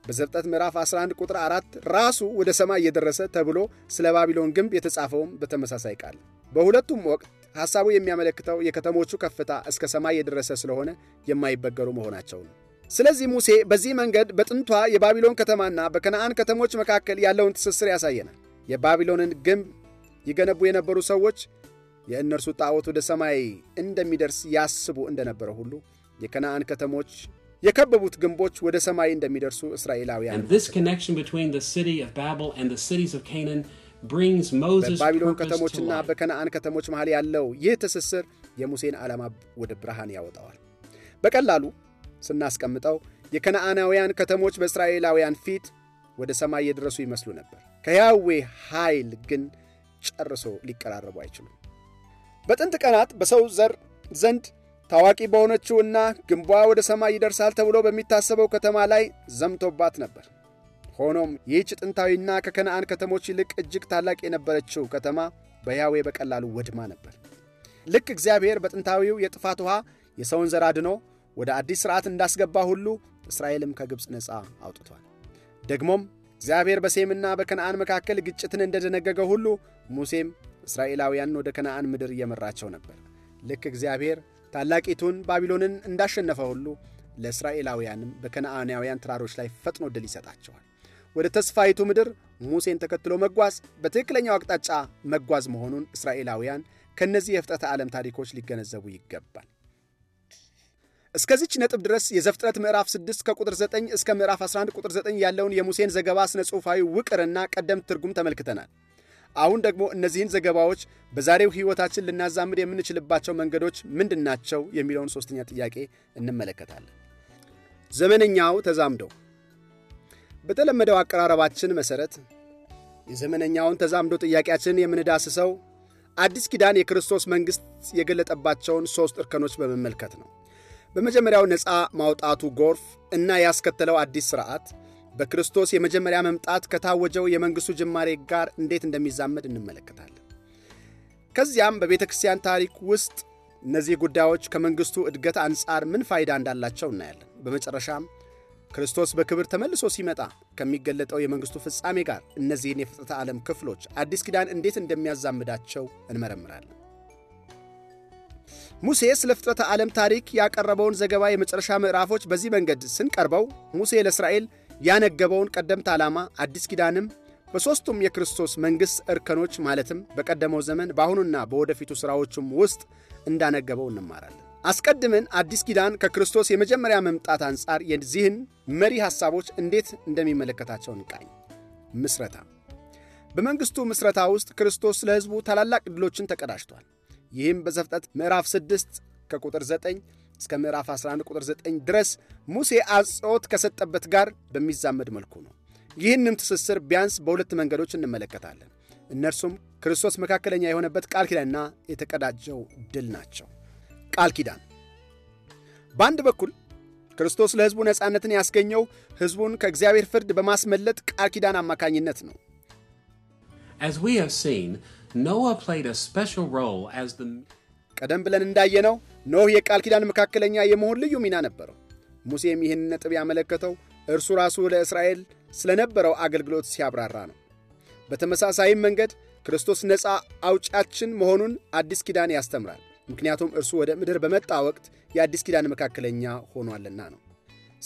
በዘፍጥረት ምዕራፍ 11 ቁጥር 4 ራሱ ወደ ሰማይ እየደረሰ ተብሎ ስለ ባቢሎን ግንብ የተጻፈውም በተመሳሳይ ቃል። በሁለቱም ወቅት ሐሳቡ የሚያመለክተው የከተሞቹ ከፍታ እስከ ሰማይ የደረሰ ስለሆነ የማይበገሩ መሆናቸው ነው። ስለዚህ ሙሴ በዚህ መንገድ በጥንቷ የባቢሎን ከተማና በከነአን ከተሞች መካከል ያለውን ትስስር ያሳየናል። የባቢሎንን ግንብ ይገነቡ የነበሩ ሰዎች የእነርሱ ጣዖት ወደ ሰማይ እንደሚደርስ ያስቡ እንደነበረ ሁሉ የከነአን ከተሞች የከበቡት ግንቦች ወደ ሰማይ እንደሚደርሱ እስራኤላውያን በባቢሎን ከተሞችና በከነአን ከተሞች መሃል ያለው ይህ ትስስር የሙሴን ዓላማ ወደ ብርሃን ያወጣዋል። በቀላሉ ስናስቀምጠው የከነአናውያን ከተሞች በእስራኤላውያን ፊት ወደ ሰማይ የደረሱ ይመስሉ ነበር። ከያዌ ኃይል ግን ጨርሶ ሊቀራረቡ አይችሉም። በጥንት ቀናት በሰው ዘር ዘንድ ታዋቂ በሆነችውና ግንቧ ወደ ሰማይ ይደርሳል ተብሎ በሚታሰበው ከተማ ላይ ዘምቶባት ነበር። ሆኖም ይህች ጥንታዊና ከከነአን ከተሞች ይልቅ እጅግ ታላቅ የነበረችው ከተማ በያዌ በቀላሉ ወድማ ነበር። ልክ እግዚአብሔር በጥንታዊው የጥፋት ውሃ የሰውን ዘር አድኖ ወደ አዲስ ሥርዓት እንዳስገባ ሁሉ እስራኤልም ከግብፅ ነፃ አውጥቷል። ደግሞም እግዚአብሔር በሴምና በከነአን መካከል ግጭትን እንደደነገገ ሁሉ ሙሴም እስራኤላውያንን ወደ ከነአን ምድር እየመራቸው ነበር። ልክ እግዚአብሔር ታላቂቱን ባቢሎንን እንዳሸነፈ ሁሉ ለእስራኤላውያንም በከነአናውያን ተራሮች ላይ ፈጥኖ ድል ይሰጣቸዋል። ወደ ተስፋይቱ ምድር ሙሴን ተከትሎ መጓዝ በትክክለኛው አቅጣጫ መጓዝ መሆኑን እስራኤላውያን ከእነዚህ የፍጥረተ ዓለም ታሪኮች ሊገነዘቡ ይገባል። እስከዚች ነጥብ ድረስ የዘፍጥረት ምዕራፍ 6 ከቁጥር 9 እስከ ምዕራፍ 11 ቁጥር 9 ያለውን የሙሴን ዘገባ ስነ ጽሑፋዊ ውቅርና ቀደምት ትርጉም ተመልክተናል። አሁን ደግሞ እነዚህን ዘገባዎች በዛሬው ህይወታችን ልናዛምድ የምንችልባቸው መንገዶች ምንድን ናቸው የሚለውን ሶስተኛ ጥያቄ እንመለከታለን። ዘመነኛው ተዛምዶ በተለመደው አቀራረባችን መሠረት የዘመነኛውን ተዛምዶ ጥያቄያችንን የምንዳስሰው አዲስ ኪዳን የክርስቶስ መንግሥት የገለጠባቸውን ሦስት እርከኖች በመመልከት ነው። በመጀመሪያው ነፃ ማውጣቱ ጎርፍ እና ያስከተለው አዲስ ሥርዓት በክርስቶስ የመጀመሪያ መምጣት ከታወጀው የመንግሥቱ ጅማሬ ጋር እንዴት እንደሚዛመድ እንመለከታለን። ከዚያም በቤተ ክርስቲያን ታሪክ ውስጥ እነዚህ ጉዳዮች ከመንግሥቱ እድገት አንጻር ምን ፋይዳ እንዳላቸው እናያለን። በመጨረሻም ክርስቶስ በክብር ተመልሶ ሲመጣ ከሚገለጠው የመንግሥቱ ፍጻሜ ጋር እነዚህን የፍጥረተ ዓለም ክፍሎች አዲስ ኪዳን እንዴት እንደሚያዛምዳቸው እንመረምራለን። ሙሴ ስለ ፍጥረተ ዓለም ታሪክ ያቀረበውን ዘገባ የመጨረሻ ምዕራፎች በዚህ መንገድ ስንቀርበው ሙሴ ለእስራኤል ያነገበውን ቀደምት ዓላማ አዲስ ኪዳንም በሦስቱም የክርስቶስ መንግሥት እርከኖች ማለትም በቀደመው ዘመን በአሁኑና በወደፊቱ ሥራዎቹም ውስጥ እንዳነገበው እንማራለን። አስቀድመን አዲስ ኪዳን ከክርስቶስ የመጀመሪያ መምጣት አንጻር የዚህን መሪ ሐሳቦች እንዴት እንደሚመለከታቸው እንቃኝ። ምስረታ በመንግሥቱ ምስረታ ውስጥ ክርስቶስ ለሕዝቡ ታላላቅ ድሎችን ተቀዳጅቷል። ይህም በዘፍጠት ምዕራፍ 6 ከቁጥር 9 እስከ ምዕራፍ 11 ቁጥር 9 ድረስ ሙሴ አጽኦት ከሰጠበት ጋር በሚዛመድ መልኩ ነው። ይህንም ትስስር ቢያንስ በሁለት መንገዶች እንመለከታለን። እነርሱም ክርስቶስ መካከለኛ የሆነበት ቃል ኪዳንና የተቀዳጀው ድል ናቸው። ቃል ኪዳን በአንድ በኩል ክርስቶስ ለሕዝቡ ነፃነትን ያስገኘው ሕዝቡን ከእግዚአብሔር ፍርድ በማስመለጥ ቃል ኪዳን አማካኝነት ነው። As we have seen, Noah played a special role as the ቀደም ብለን እንዳየነው ኖህ የቃል ኪዳን መካከለኛ የመሆን ልዩ ሚና ነበረው። ሙሴም ይህን ነጥብ ያመለከተው እርሱ ራሱ ለእስራኤል ስለነበረው አገልግሎት ሲያብራራ ነው። በተመሳሳይም መንገድ ክርስቶስ ነፃ አውጫችን መሆኑን አዲስ ኪዳን ያስተምራል። ምክንያቱም እርሱ ወደ ምድር በመጣ ወቅት የአዲስ ኪዳን መካከለኛ ሆኗልና ነው።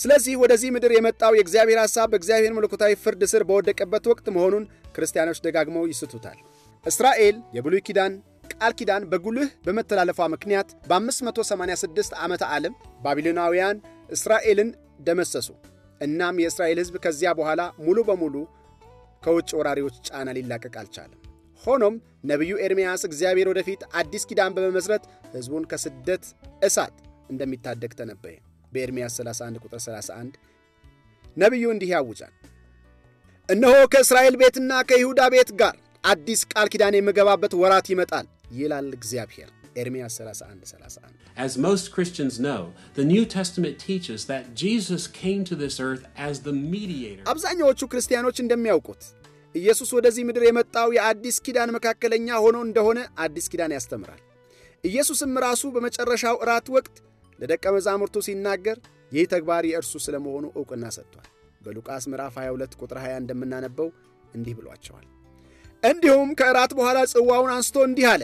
ስለዚህ ወደዚህ ምድር የመጣው የእግዚአብሔር ሐሳብ በእግዚአብሔር መለኮታዊ ፍርድ ስር በወደቀበት ወቅት መሆኑን ክርስቲያኖች ደጋግመው ይስቱታል። እስራኤል የብሉይ ኪዳን ቃል ኪዳን በጉልህ በመተላለፏ ምክንያት በ586 ዓመተ ዓለም ባቢሎናውያን እስራኤልን ደመሰሱ። እናም የእስራኤል ሕዝብ ከዚያ በኋላ ሙሉ በሙሉ ከውጭ ወራሪዎች ጫና ሊላቀቅ አልቻለም። ሆኖም ነቢዩ ኤርምያስ እግዚአብሔር ወደፊት አዲስ ኪዳን በመመሥረት ሕዝቡን ከስደት እሳት እንደሚታደግ ተነበየ። በኤርምያስ 31 ቁጥር 31 ነቢዩ እንዲህ ያውጃል፣ እነሆ ከእስራኤል ቤትና ከይሁዳ ቤት ጋር አዲስ ቃል ኪዳን የምገባበት ወራት ይመጣል ይላል እግዚአብሔር። ኤርምያስ 31 አብዛኛዎቹ ክርስቲያኖች እንደሚያውቁት ኢየሱስ ወደዚህ ምድር የመጣው የአዲስ ኪዳን መካከለኛ ሆኖ እንደሆነ አዲስ ኪዳን ያስተምራል። ኢየሱስም ራሱ በመጨረሻው እራት ወቅት ለደቀ መዛሙርቱ ሲናገር ይህ ተግባር የእርሱ ስለመሆኑ ዕውቅና ሰጥቷል። በሉቃስ ምዕራፍ 22 ቁጥር 20 እንደምናነበው እንዲህ ብሏቸዋል እንዲሁም ከእራት በኋላ ጽዋውን አንስቶ እንዲህ አለ፣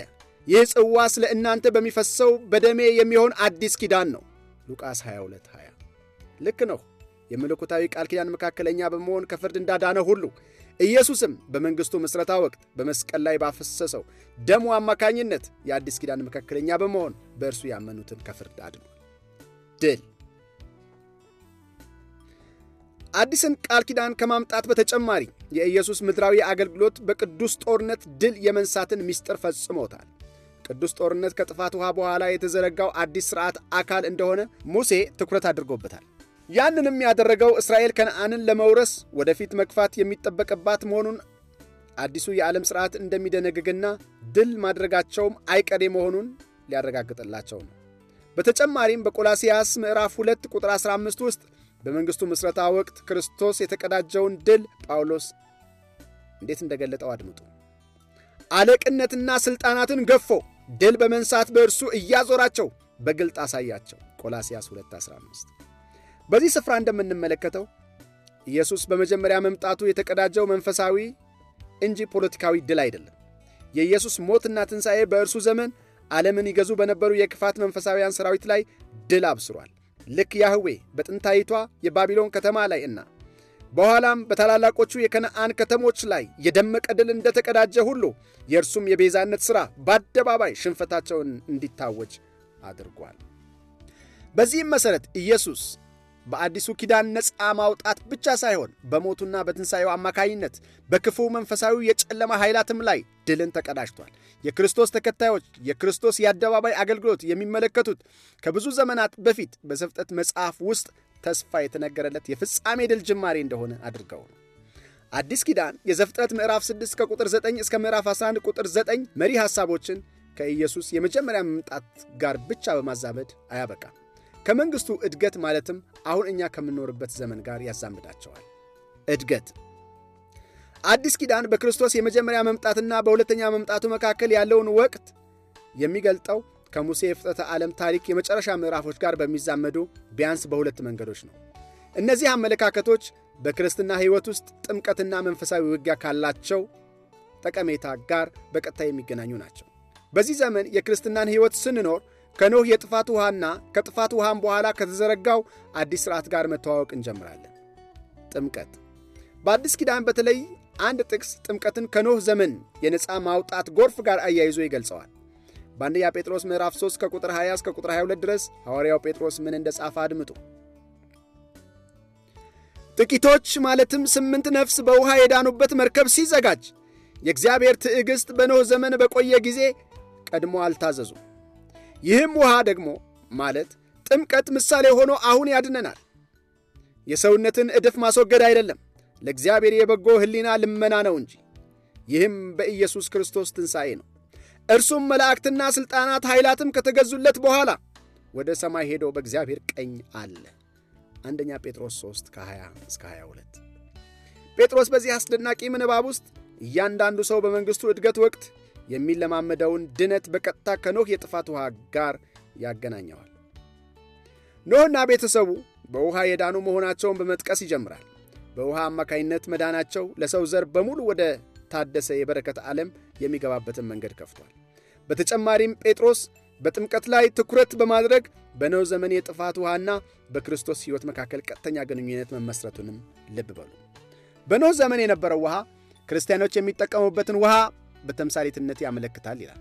ይህ ጽዋ ስለ እናንተ በሚፈሰው በደሜ የሚሆን አዲስ ኪዳን ነው። ሉቃስ 22 20 ልክ ነው። የመለኮታዊ ቃል ኪዳን መካከለኛ በመሆን ከፍርድ እንዳዳነ ሁሉ ኢየሱስም በመንግሥቱ ምስረታ ወቅት በመስቀል ላይ ባፈሰሰው ደሙ አማካኝነት የአዲስ ኪዳን መካከለኛ በመሆን በእርሱ ያመኑትን ከፍርድ አድኗል። ድል አዲስን ቃል ኪዳን ከማምጣት በተጨማሪ የኢየሱስ ምድራዊ አገልግሎት በቅዱስ ጦርነት ድል የመንሳትን ምስጢር ፈጽሞታል። ቅዱስ ጦርነት ከጥፋት ውሃ በኋላ የተዘረጋው አዲስ ሥርዓት አካል እንደሆነ ሙሴ ትኩረት አድርጎበታል። ያንንም ያደረገው እስራኤል ከነአንን ለመውረስ ወደፊት መግፋት የሚጠበቅባት መሆኑን አዲሱ የዓለም ሥርዓት እንደሚደነግግና ድል ማድረጋቸውም አይቀሬ መሆኑን ሊያረጋግጥላቸው ነው። በተጨማሪም በቆላሲያስ ምዕራፍ 2 ቁጥር 15 ውስጥ በመንግሥቱ ምስረታ ወቅት ክርስቶስ የተቀዳጀውን ድል ጳውሎስ እንዴት እንደገለጠው አድምጡ። አለቅነትና ሥልጣናትን ገፎ ድል በመንሳት በእርሱ እያዞራቸው በግልጥ አሳያቸው። ቆላስያስ 2:15 በዚህ ስፍራ እንደምንመለከተው ኢየሱስ በመጀመሪያ መምጣቱ የተቀዳጀው መንፈሳዊ እንጂ ፖለቲካዊ ድል አይደለም። የኢየሱስ ሞትና ትንሣኤ በእርሱ ዘመን ዓለምን ይገዙ በነበሩ የክፋት መንፈሳውያን ሠራዊት ላይ ድል አብስሯል። ልክ ያህዌ በጥንታይቷ የባቢሎን ከተማ ላይ እና በኋላም በታላላቆቹ የከነአን ከተሞች ላይ የደመቀ ድል እንደተቀዳጀ ሁሉ የእርሱም የቤዛነት ሥራ በአደባባይ ሽንፈታቸውን እንዲታወጅ አድርጓል። በዚህም መሠረት ኢየሱስ በአዲሱ ኪዳን ነፃ ማውጣት ብቻ ሳይሆን በሞቱና በትንሣኤው አማካይነት በክፉ መንፈሳዊ የጨለማ ኃይላትም ላይ ድልን ተቀዳጅቷል። የክርስቶስ ተከታዮች የክርስቶስ የአደባባይ አገልግሎት የሚመለከቱት ከብዙ ዘመናት በፊት በሰፍጠት መጽሐፍ ውስጥ ተስፋ የተነገረለት የፍጻሜ ድል ጅማሬ እንደሆነ አድርገው ነው። አዲስ ኪዳን የዘፍጥረት ምዕራፍ 6 ከቁጥር 9 እስከ ምዕራፍ 11 ቁጥር 9 መሪ ሐሳቦችን ከኢየሱስ የመጀመሪያ መምጣት ጋር ብቻ በማዛመድ አያበቃም። ከመንግሥቱ እድገት ማለትም አሁን እኛ ከምንኖርበት ዘመን ጋር ያዛምዳቸዋል። እድገት አዲስ ኪዳን በክርስቶስ የመጀመሪያ መምጣትና በሁለተኛ መምጣቱ መካከል ያለውን ወቅት የሚገልጠው ከሙሴ የፍጥረተ ዓለም ታሪክ የመጨረሻ ምዕራፎች ጋር በሚዛመዱ ቢያንስ በሁለት መንገዶች ነው። እነዚህ አመለካከቶች በክርስትና ሕይወት ውስጥ ጥምቀትና መንፈሳዊ ውጊያ ካላቸው ጠቀሜታ ጋር በቀጥታ የሚገናኙ ናቸው። በዚህ ዘመን የክርስትናን ሕይወት ስንኖር ከኖህ የጥፋት ውሃና ከጥፋት ውሃም በኋላ ከተዘረጋው አዲስ ስርዓት ጋር መተዋወቅ እንጀምራለን። ጥምቀት በአዲስ ኪዳን በተለይ አንድ ጥቅስ ጥምቀትን ከኖህ ዘመን የነፃ ማውጣት ጎርፍ ጋር አያይዞ ይገልጸዋል። በአንደኛ ጴጥሮስ ምዕራፍ 3 ከቁጥር 20 እስከ ቁጥር 22 ድረስ ሐዋርያው ጴጥሮስ ምን እንደ ጻፈ አድምጡ። ጥቂቶች ማለትም ስምንት ነፍስ በውሃ የዳኑበት መርከብ ሲዘጋጅ የእግዚአብሔር ትዕግሥት በኖህ ዘመን በቆየ ጊዜ ቀድሞ አልታዘዙም። ይህም ውሃ ደግሞ ማለት ጥምቀት ምሳሌ ሆኖ አሁን ያድነናል። የሰውነትን እድፍ ማስወገድ አይደለም፣ ለእግዚአብሔር የበጎ ሕሊና ልመና ነው እንጂ። ይህም በኢየሱስ ክርስቶስ ትንሣኤ ነው። እርሱም መላእክትና ሥልጣናት ኃይላትም ከተገዙለት በኋላ ወደ ሰማይ ሄዶ በእግዚአብሔር ቀኝ አለ። አንደኛ ጴጥሮስ 3 ከ20 እስከ 22። ጴጥሮስ በዚህ አስደናቂ ምንባብ ውስጥ እያንዳንዱ ሰው በመንግሥቱ እድገት ወቅት የሚለማመደውን ድነት በቀጥታ ከኖህ የጥፋት ውሃ ጋር ያገናኘዋል። ኖህና ቤተሰቡ በውሃ የዳኑ መሆናቸውን በመጥቀስ ይጀምራል። በውሃ አማካይነት መዳናቸው ለሰው ዘር በሙሉ ወደ ታደሰ የበረከት ዓለም የሚገባበትን መንገድ ከፍቷል። በተጨማሪም ጴጥሮስ በጥምቀት ላይ ትኩረት በማድረግ በኖህ ዘመን የጥፋት ውሃና በክርስቶስ ሕይወት መካከል ቀጥተኛ ግንኙነት መመስረቱንም ልብ በሉ። በኖህ ዘመን የነበረው ውሃ ክርስቲያኖች የሚጠቀሙበትን ውሃ በተምሳሌትነት ያመለክታል ይላል።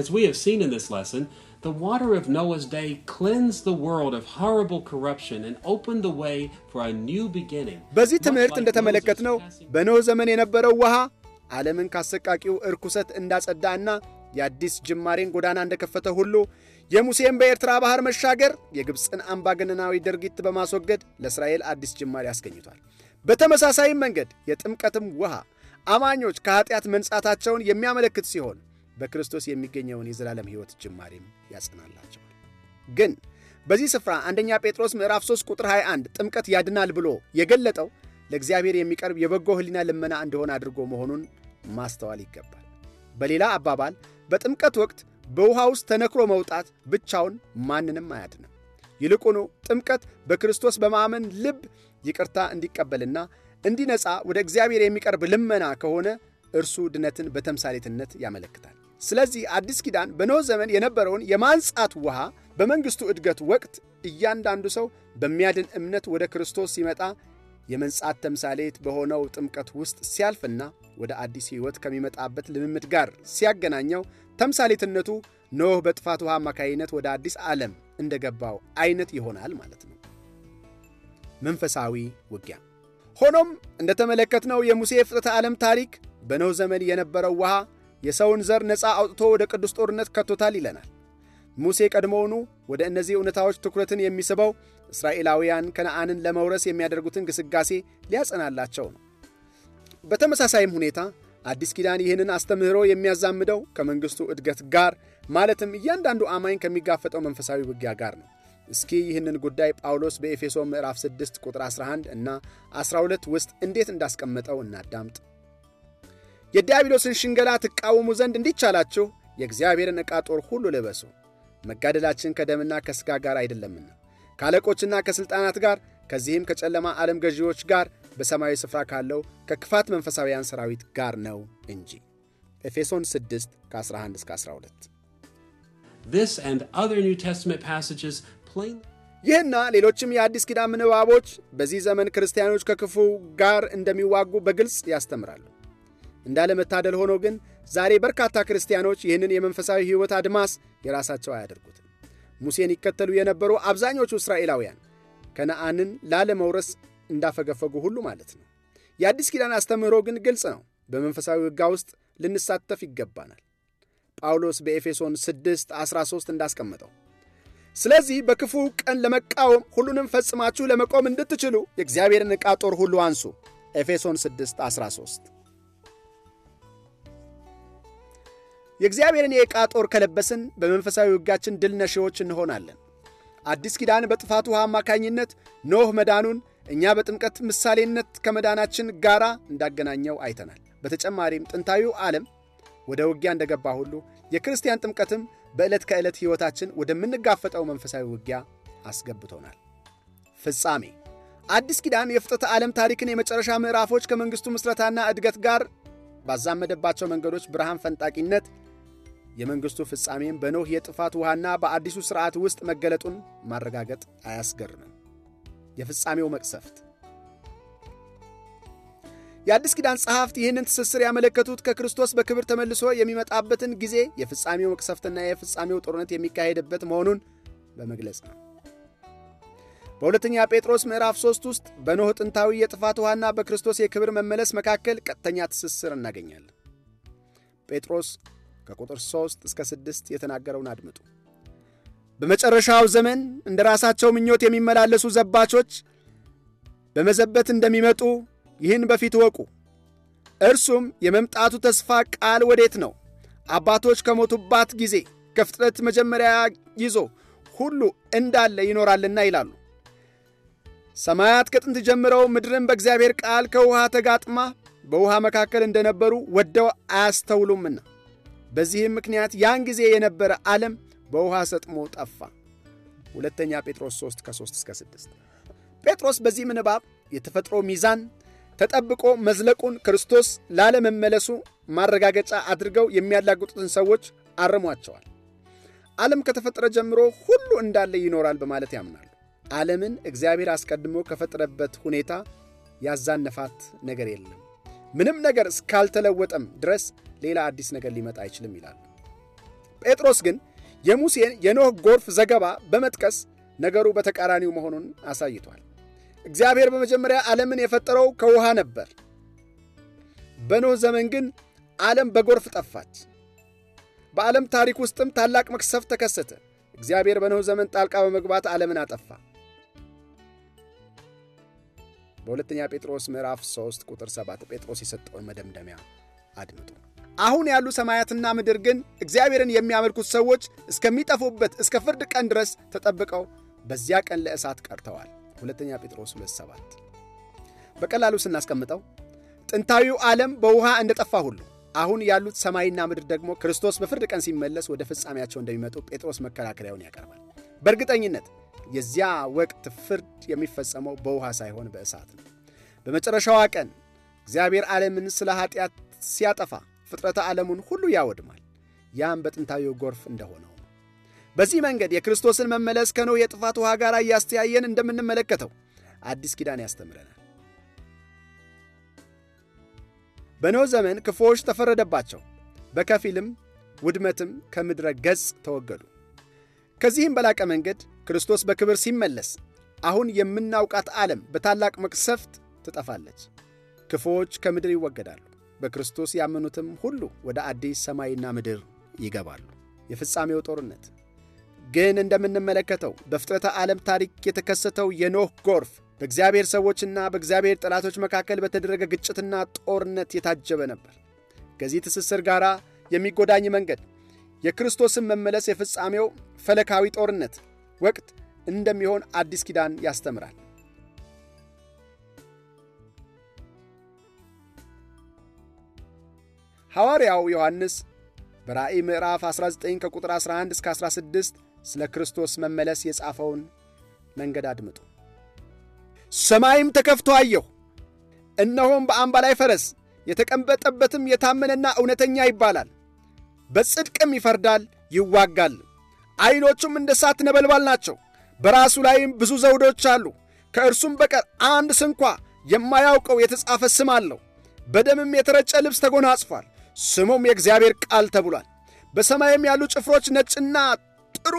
As we have seen in this lesson, the water of Noah's day cleansed the world of horrible corruption and opened the way for a new beginning. በዚህ ትምህርት እንደተመለከትነው በኖህ ዘመን የነበረው ውሃ ዓለምን ካሰቃቂው እርኩሰት እንዳጸዳና እና የአዲስ ጅማሬን ጎዳና እንደከፈተ ሁሉ የሙሴን በኤርትራ ባህር መሻገር የግብፅን አምባገነናዊ ድርጊት በማስወገድ ለእስራኤል አዲስ ጅማሬ አስገኝቷል። በተመሳሳይም መንገድ የጥምቀትም ውሃ አማኞች ከኀጢአት መንጻታቸውን የሚያመለክት ሲሆን በክርስቶስ የሚገኘውን የዘላለም ሕይወት ጅማሬም ያጸናላቸዋል። ግን በዚህ ስፍራ አንደኛ ጴጥሮስ ምዕራፍ 3 ቁጥር 21 ጥምቀት ያድናል ብሎ የገለጠው ለእግዚአብሔር የሚቀርብ የበጎ ሕሊና ልመና እንደሆነ አድርጎ መሆኑን ማስተዋል ይገባል። በሌላ አባባል በጥምቀት ወቅት በውሃ ውስጥ ተነክሮ መውጣት ብቻውን ማንንም አያድንም። ይልቁኑ ጥምቀት በክርስቶስ በማመን ልብ ይቅርታ እንዲቀበልና እንዲነጻ ወደ እግዚአብሔር የሚቀርብ ልመና ከሆነ እርሱ ድነትን በተምሳሌትነት ያመለክታል። ስለዚህ አዲስ ኪዳን በኖኅ ዘመን የነበረውን የማንጻት ውሃ በመንግሥቱ እድገት ወቅት እያንዳንዱ ሰው በሚያድን እምነት ወደ ክርስቶስ ሲመጣ የመንጻት ተምሳሌት በሆነው ጥምቀት ውስጥ ሲያልፍና ወደ አዲስ ሕይወት ከሚመጣበት ልምምድ ጋር ሲያገናኘው ተምሳሌትነቱ ኖኅ በጥፋት ውሃ አማካይነት ወደ አዲስ ዓለም እንደገባው አይነት ይሆናል ማለት ነው። መንፈሳዊ ውጊያ ሆኖም እንደተመለከትነው የሙሴ ፍጥረተ ዓለም ታሪክ በነው ዘመን የነበረው ውሃ የሰውን ዘር ነፃ አውጥቶ ወደ ቅዱስ ጦርነት ከቶታል ይለናል። ሙሴ ቀድሞውኑ ወደ እነዚህ እውነታዎች ትኩረትን የሚስበው እስራኤላውያን ከነአንን ለመውረስ የሚያደርጉትን ግስጋሴ ሊያጸናላቸው ነው። በተመሳሳይም ሁኔታ አዲስ ኪዳን ይህንን አስተምህሮ የሚያዛምደው ከመንግሥቱ እድገት ጋር ማለትም እያንዳንዱ አማኝ ከሚጋፈጠው መንፈሳዊ ውጊያ ጋር ነው። እስኪ ይህንን ጉዳይ ጳውሎስ በኤፌሶ ምዕራፍ 6 ቁጥር 11 እና 12 ውስጥ እንዴት እንዳስቀመጠው እናዳምጥ። የዲያብሎስን ሽንገላ ትቃወሙ ዘንድ እንዲቻላችሁ የእግዚአብሔርን ዕቃ ጦር ሁሉ ልበሱ። መጋደላችን ከደምና ከሥጋ ጋር አይደለምና ከአለቆችና ከሥልጣናት ጋር ከዚህም ከጨለማ ዓለም ገዢዎች ጋር በሰማያዊ ስፍራ ካለው ከክፋት መንፈሳውያን ሰራዊት ጋር ነው እንጂ ኤፌሶን 6 ከ11 እስከ 12 This and other New Testament passages plainly ይህና ሌሎችም የአዲስ ኪዳን ንባቦች በዚህ ዘመን ክርስቲያኖች ከክፉ ጋር እንደሚዋጉ በግልጽ ያስተምራሉ። እንዳለመታደል ሆኖ ግን ዛሬ በርካታ ክርስቲያኖች ይህንን የመንፈሳዊ ሕይወት አድማስ የራሳቸው አያደርጉትም። ሙሴን ይከተሉ የነበሩ አብዛኞቹ እስራኤላውያን ከነአንን ላለመውረስ እንዳፈገፈጉ ሁሉ ማለት ነው። የአዲስ ኪዳን አስተምህሮ ግን ግልጽ ነው። በመንፈሳዊ ሕጋ ውስጥ ልንሳተፍ ይገባናል። ጳውሎስ በኤፌሶን 6 13 እንዳስቀመጠው። ስለዚህ በክፉ ቀን ለመቃወም ሁሉንም ፈጽማችሁ ለመቆም እንድትችሉ የእግዚአብሔርን ዕቃ ጦር ሁሉ አንሱ። ኤፌሶን 6 13። የእግዚአብሔርን የዕቃ ጦር ከለበስን በመንፈሳዊ ውጋችን ድል ነሺዎች እንሆናለን። አዲስ ኪዳን በጥፋት ውሃ አማካኝነት ኖህ መዳኑን እኛ በጥምቀት ምሳሌነት ከመዳናችን ጋር እንዳገናኘው አይተናል። በተጨማሪም ጥንታዊው ዓለም ወደ ውጊያ እንደገባ ሁሉ የክርስቲያን ጥምቀትም በዕለት ከዕለት ሕይወታችን ወደምንጋፈጠው መንፈሳዊ ውጊያ አስገብቶናል። ፍጻሜ አዲስ ኪዳን የፍጥረተ ዓለም ታሪክን የመጨረሻ ምዕራፎች ከመንግሥቱ ምስረታና እድገት ጋር ባዛመደባቸው መንገዶች ብርሃን ፈንጣቂነት የመንግሥቱ ፍጻሜም በኖህ የጥፋት ውሃና በአዲሱ ሥርዓት ውስጥ መገለጡን ማረጋገጥ አያስገርምም። የፍጻሜው መቅሰፍት የአዲስ ኪዳን ጸሐፍት ይህንን ትስስር ያመለከቱት ከክርስቶስ በክብር ተመልሶ የሚመጣበትን ጊዜ የፍጻሜው መቅሰፍትና የፍጻሜው ጦርነት የሚካሄድበት መሆኑን በመግለጽ ነው። በሁለተኛ ጴጥሮስ ምዕራፍ 3 ውስጥ በኖኅ ጥንታዊ የጥፋት ውሃና በክርስቶስ የክብር መመለስ መካከል ቀጥተኛ ትስስር እናገኛለን። ጴጥሮስ ከቁጥር 3 እስከ 6 የተናገረውን አድምጡ። በመጨረሻው ዘመን እንደ ራሳቸው ምኞት የሚመላለሱ ዘባቾች በመዘበት እንደሚመጡ ይህን በፊት ወቁ። እርሱም የመምጣቱ ተስፋ ቃል ወዴት ነው? አባቶች ከሞቱባት ጊዜ ከፍጥረት መጀመሪያ ይዞ ሁሉ እንዳለ ይኖራልና ይላሉ። ሰማያት ከጥንት ጀምረው ምድርን በእግዚአብሔር ቃል ከውሃ ተጋጥማ በውሃ መካከል እንደነበሩ ወደው አያስተውሉምና በዚህም ምክንያት ያን ጊዜ የነበረ ዓለም በውሃ ሰጥሞ ጠፋ። ሁለተኛ ጴጥሮስ 3 ከ3 እስከ 6 ጴጥሮስ በዚህ ምንባብ የተፈጥሮ ሚዛን ተጠብቆ መዝለቁን ክርስቶስ ላለመመለሱ ማረጋገጫ አድርገው የሚያላግጡትን ሰዎች አርሟቸዋል። ዓለም ከተፈጠረ ጀምሮ ሁሉ እንዳለ ይኖራል በማለት ያምናሉ። ዓለምን እግዚአብሔር አስቀድሞ ከፈጠረበት ሁኔታ ያዛነፋት ነገር የለም። ምንም ነገር እስካልተለወጠም ድረስ ሌላ አዲስ ነገር ሊመጣ አይችልም ይላሉ። ጴጥሮስ ግን የሙሴን የኖህ ጎርፍ ዘገባ በመጥቀስ ነገሩ በተቃራኒው መሆኑን አሳይቷል። እግዚአብሔር በመጀመሪያ ዓለምን የፈጠረው ከውሃ ነበር። በኖህ ዘመን ግን ዓለም በጎርፍ ጠፋች። በዓለም ታሪክ ውስጥም ታላቅ መክሰፍ ተከሰተ። እግዚአብሔር በኖህ ዘመን ጣልቃ በመግባት ዓለምን አጠፋ። በሁለተኛ ጴጥሮስ ምዕራፍ 3 ቁጥር 7 ጴጥሮስ የሰጠውን መደምደሚያ አድምጡ። አሁን ያሉ ሰማያትና ምድር ግን እግዚአብሔርን የሚያመልኩት ሰዎች እስከሚጠፉበት እስከ ፍርድ ቀን ድረስ ተጠብቀው በዚያ ቀን ለእሳት ቀርተዋል። ሁለተኛ ጴጥሮስ 27 በቀላሉ ስናስቀምጠው ጥንታዊው ዓለም በውሃ እንደጠፋ ሁሉ አሁን ያሉት ሰማይና ምድር ደግሞ ክርስቶስ በፍርድ ቀን ሲመለስ ወደ ፍጻሜያቸው እንደሚመጡ ጴጥሮስ መከራከሪያውን ያቀርባል። በእርግጠኝነት የዚያ ወቅት ፍርድ የሚፈጸመው በውሃ ሳይሆን በእሳት ነው። በመጨረሻዋ ቀን እግዚአብሔር ዓለምን ስለ ኃጢአት ሲያጠፋ ፍጥረተ ዓለሙን ሁሉ ያወድማል። ያም በጥንታዊው ጎርፍ እንደሆነው በዚህ መንገድ የክርስቶስን መመለስ ከኖህ የጥፋት ውሃ ጋር እያስተያየን እንደምንመለከተው አዲስ ኪዳን ያስተምረናል። በኖህ ዘመን ክፉዎች ተፈረደባቸው፣ በከፊልም ውድመትም ከምድረ ገጽ ተወገዱ። ከዚህም በላቀ መንገድ ክርስቶስ በክብር ሲመለስ አሁን የምናውቃት ዓለም በታላቅ መቅሰፍት ትጠፋለች። ክፉዎች ከምድር ይወገዳሉ፣ በክርስቶስ ያመኑትም ሁሉ ወደ አዲስ ሰማይና ምድር ይገባሉ። የፍጻሜው ጦርነት ግን እንደምንመለከተው በፍጥረተ ዓለም ታሪክ የተከሰተው የኖህ ጎርፍ በእግዚአብሔር ሰዎችና በእግዚአብሔር ጠላቶች መካከል በተደረገ ግጭትና ጦርነት የታጀበ ነበር። ከዚህ ትስስር ጋር የሚጎዳኝ መንገድ የክርስቶስን መመለስ የፍጻሜው ፈለካዊ ጦርነት ወቅት እንደሚሆን አዲስ ኪዳን ያስተምራል። ሐዋርያው ዮሐንስ በራእይ ምዕራፍ 19 ከቁጥር 11 እስከ 16 ስለ ክርስቶስ መመለስ የጻፈውን መንገድ አድምጡ። ሰማይም ተከፍቶ አየሁ፣ እነሆም በአምባ ላይ ፈረስ የተቀመጠበትም የታመነና እውነተኛ ይባላል፣ በጽድቅም ይፈርዳል ይዋጋል። ዐይኖቹም እንደ እሳት ነበልባል ናቸው፣ በራሱ ላይም ብዙ ዘውዶች አሉ። ከእርሱም በቀር አንድ ስንኳ የማያውቀው የተጻፈ ስም አለው። በደምም የተረጨ ልብስ ተጎናጽፏል፣ ስሙም የእግዚአብሔር ቃል ተብሏል። በሰማይም ያሉ ጭፍሮች ነጭና ጥሩ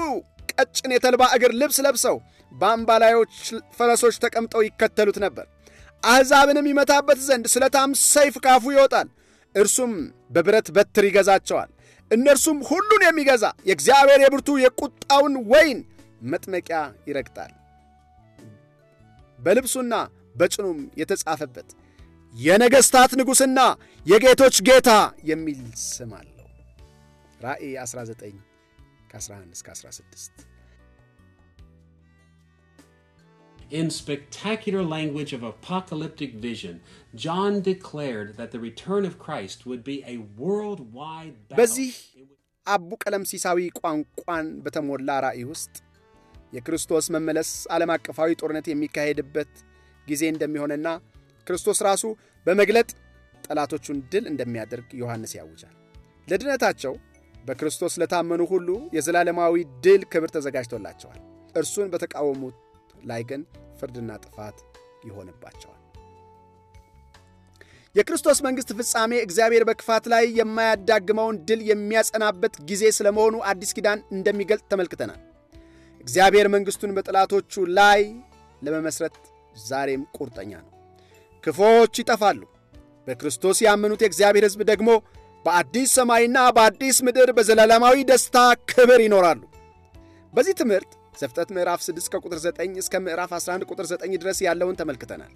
ቀጭን የተልባ እግር ልብስ ለብሰው በአምባላዮች ፈረሶች ተቀምጠው ይከተሉት ነበር። አሕዛብንም ይመታበት ዘንድ ስለታም ሰይፍ ካፉ ይወጣል፣ እርሱም በብረት በትር ይገዛቸዋል። እነርሱም ሁሉን የሚገዛ የእግዚአብሔር የብርቱ የቁጣውን ወይን መጥመቂያ ይረግጣል። በልብሱና በጭኑም የተጻፈበት የነገሥታት ንጉሥና የጌቶች ጌታ የሚል ስም አለው። ራእይ 19 ከ11 እስከ 16 In spectacular language of apocalyptic vision, John declared that the return of Christ would be a worldwide battle. በዚህ አቡ ሲሳዊ ቋንቋን በተሞላ ራእይ ውስጥ የክርስቶስ መመለስ ዓለም አቀፋዊ ጦርነት የሚካሄድበት ጊዜ እንደሚሆንና ክርስቶስ ራሱ በመግለጥ ጠላቶቹን ድል እንደሚያደርግ ዮሐንስ ያውጃል። ለድነታቸው በክርስቶስ ለታመኑ ሁሉ የዘላለማዊ ድል ክብር ተዘጋጅቶላቸዋል። እርሱን በተቃወሙት ላይ ግን ፍርድና ጥፋት ይሆንባቸዋል። የክርስቶስ መንግሥት ፍጻሜ እግዚአብሔር በክፋት ላይ የማያዳግመውን ድል የሚያጸናበት ጊዜ ስለመሆኑ አዲስ ኪዳን እንደሚገልጥ ተመልክተናል። እግዚአብሔር መንግሥቱን በጠላቶቹ ላይ ለመመስረት ዛሬም ቁርጠኛ ነው። ክፉዎች ይጠፋሉ። በክርስቶስ ያመኑት የእግዚአብሔር ሕዝብ ደግሞ በአዲስ ሰማይና በአዲስ ምድር በዘላለማዊ ደስታ ክብር ይኖራሉ። በዚህ ትምህርት ዘፍጠት ምዕራፍ 6 ከቁጥር 9 እስከ ምዕራፍ 11 ቁጥር 9 ድረስ ያለውን ተመልክተናል።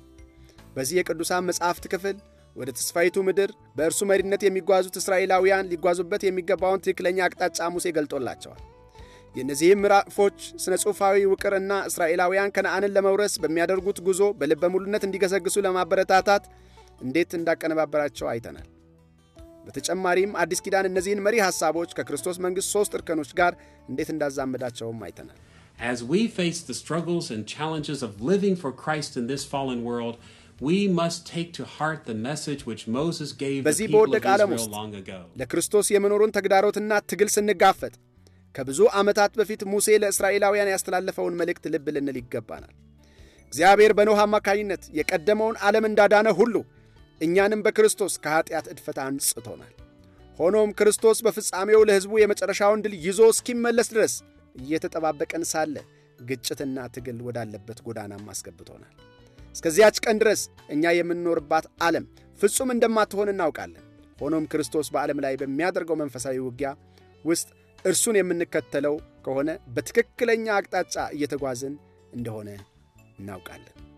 በዚህ የቅዱሳን መጻሕፍት ክፍል ወደ ተስፋይቱ ምድር በእርሱ መሪነት የሚጓዙት እስራኤላውያን ሊጓዙበት የሚገባውን ትክክለኛ አቅጣጫ ሙሴ ገልጦላቸዋል። የእነዚህም ምዕራፎች ስነ ጽሑፋዊ ውቅርና እስራኤላውያን ከነአንን ለመውረስ በሚያደርጉት ጉዞ በልበ ሙሉነት እንዲገሰግሱ ለማበረታታት እንዴት እንዳቀነባበራቸው አይተናል። በተጨማሪም አዲስ ኪዳን እነዚህን መሪ ሐሳቦች ከክርስቶስ መንግሥት ሦስት እርከኖች ጋር እንዴት እንዳዛመዳቸውም አይተናል። As we face the struggles and challenges of living for Christ in this fallen world, we must take to heart the message which Moses gave the people of Israel long ago. ለክርስቶስ የመኖሩን ተግዳሮትና ትግል ስንጋፈጥ ከብዙ ዓመታት በፊት ሙሴ ለእስራኤላውያን ያስተላለፈውን መልእክት ልብ ልንል ይገባናል። እግዚአብሔር በኖኅ አማካኝነት የቀደመውን ዓለም እንዳዳነ ሁሉ እኛንም በክርስቶስ ከኀጢአት እድፈት አንጽቶናል። ሆኖም ክርስቶስ በፍጻሜው ለሕዝቡ የመጨረሻውን ድል ይዞ እስኪመለስ ድረስ እየተጠባበቀን ሳለ ግጭትና ትግል ወዳለበት ጎዳናም አስገብቶናል። እስከዚያች ቀን ድረስ እኛ የምንኖርባት ዓለም ፍጹም እንደማትሆን እናውቃለን። ሆኖም ክርስቶስ በዓለም ላይ በሚያደርገው መንፈሳዊ ውጊያ ውስጥ እርሱን የምንከተለው ከሆነ በትክክለኛ አቅጣጫ እየተጓዝን እንደሆነ እናውቃለን።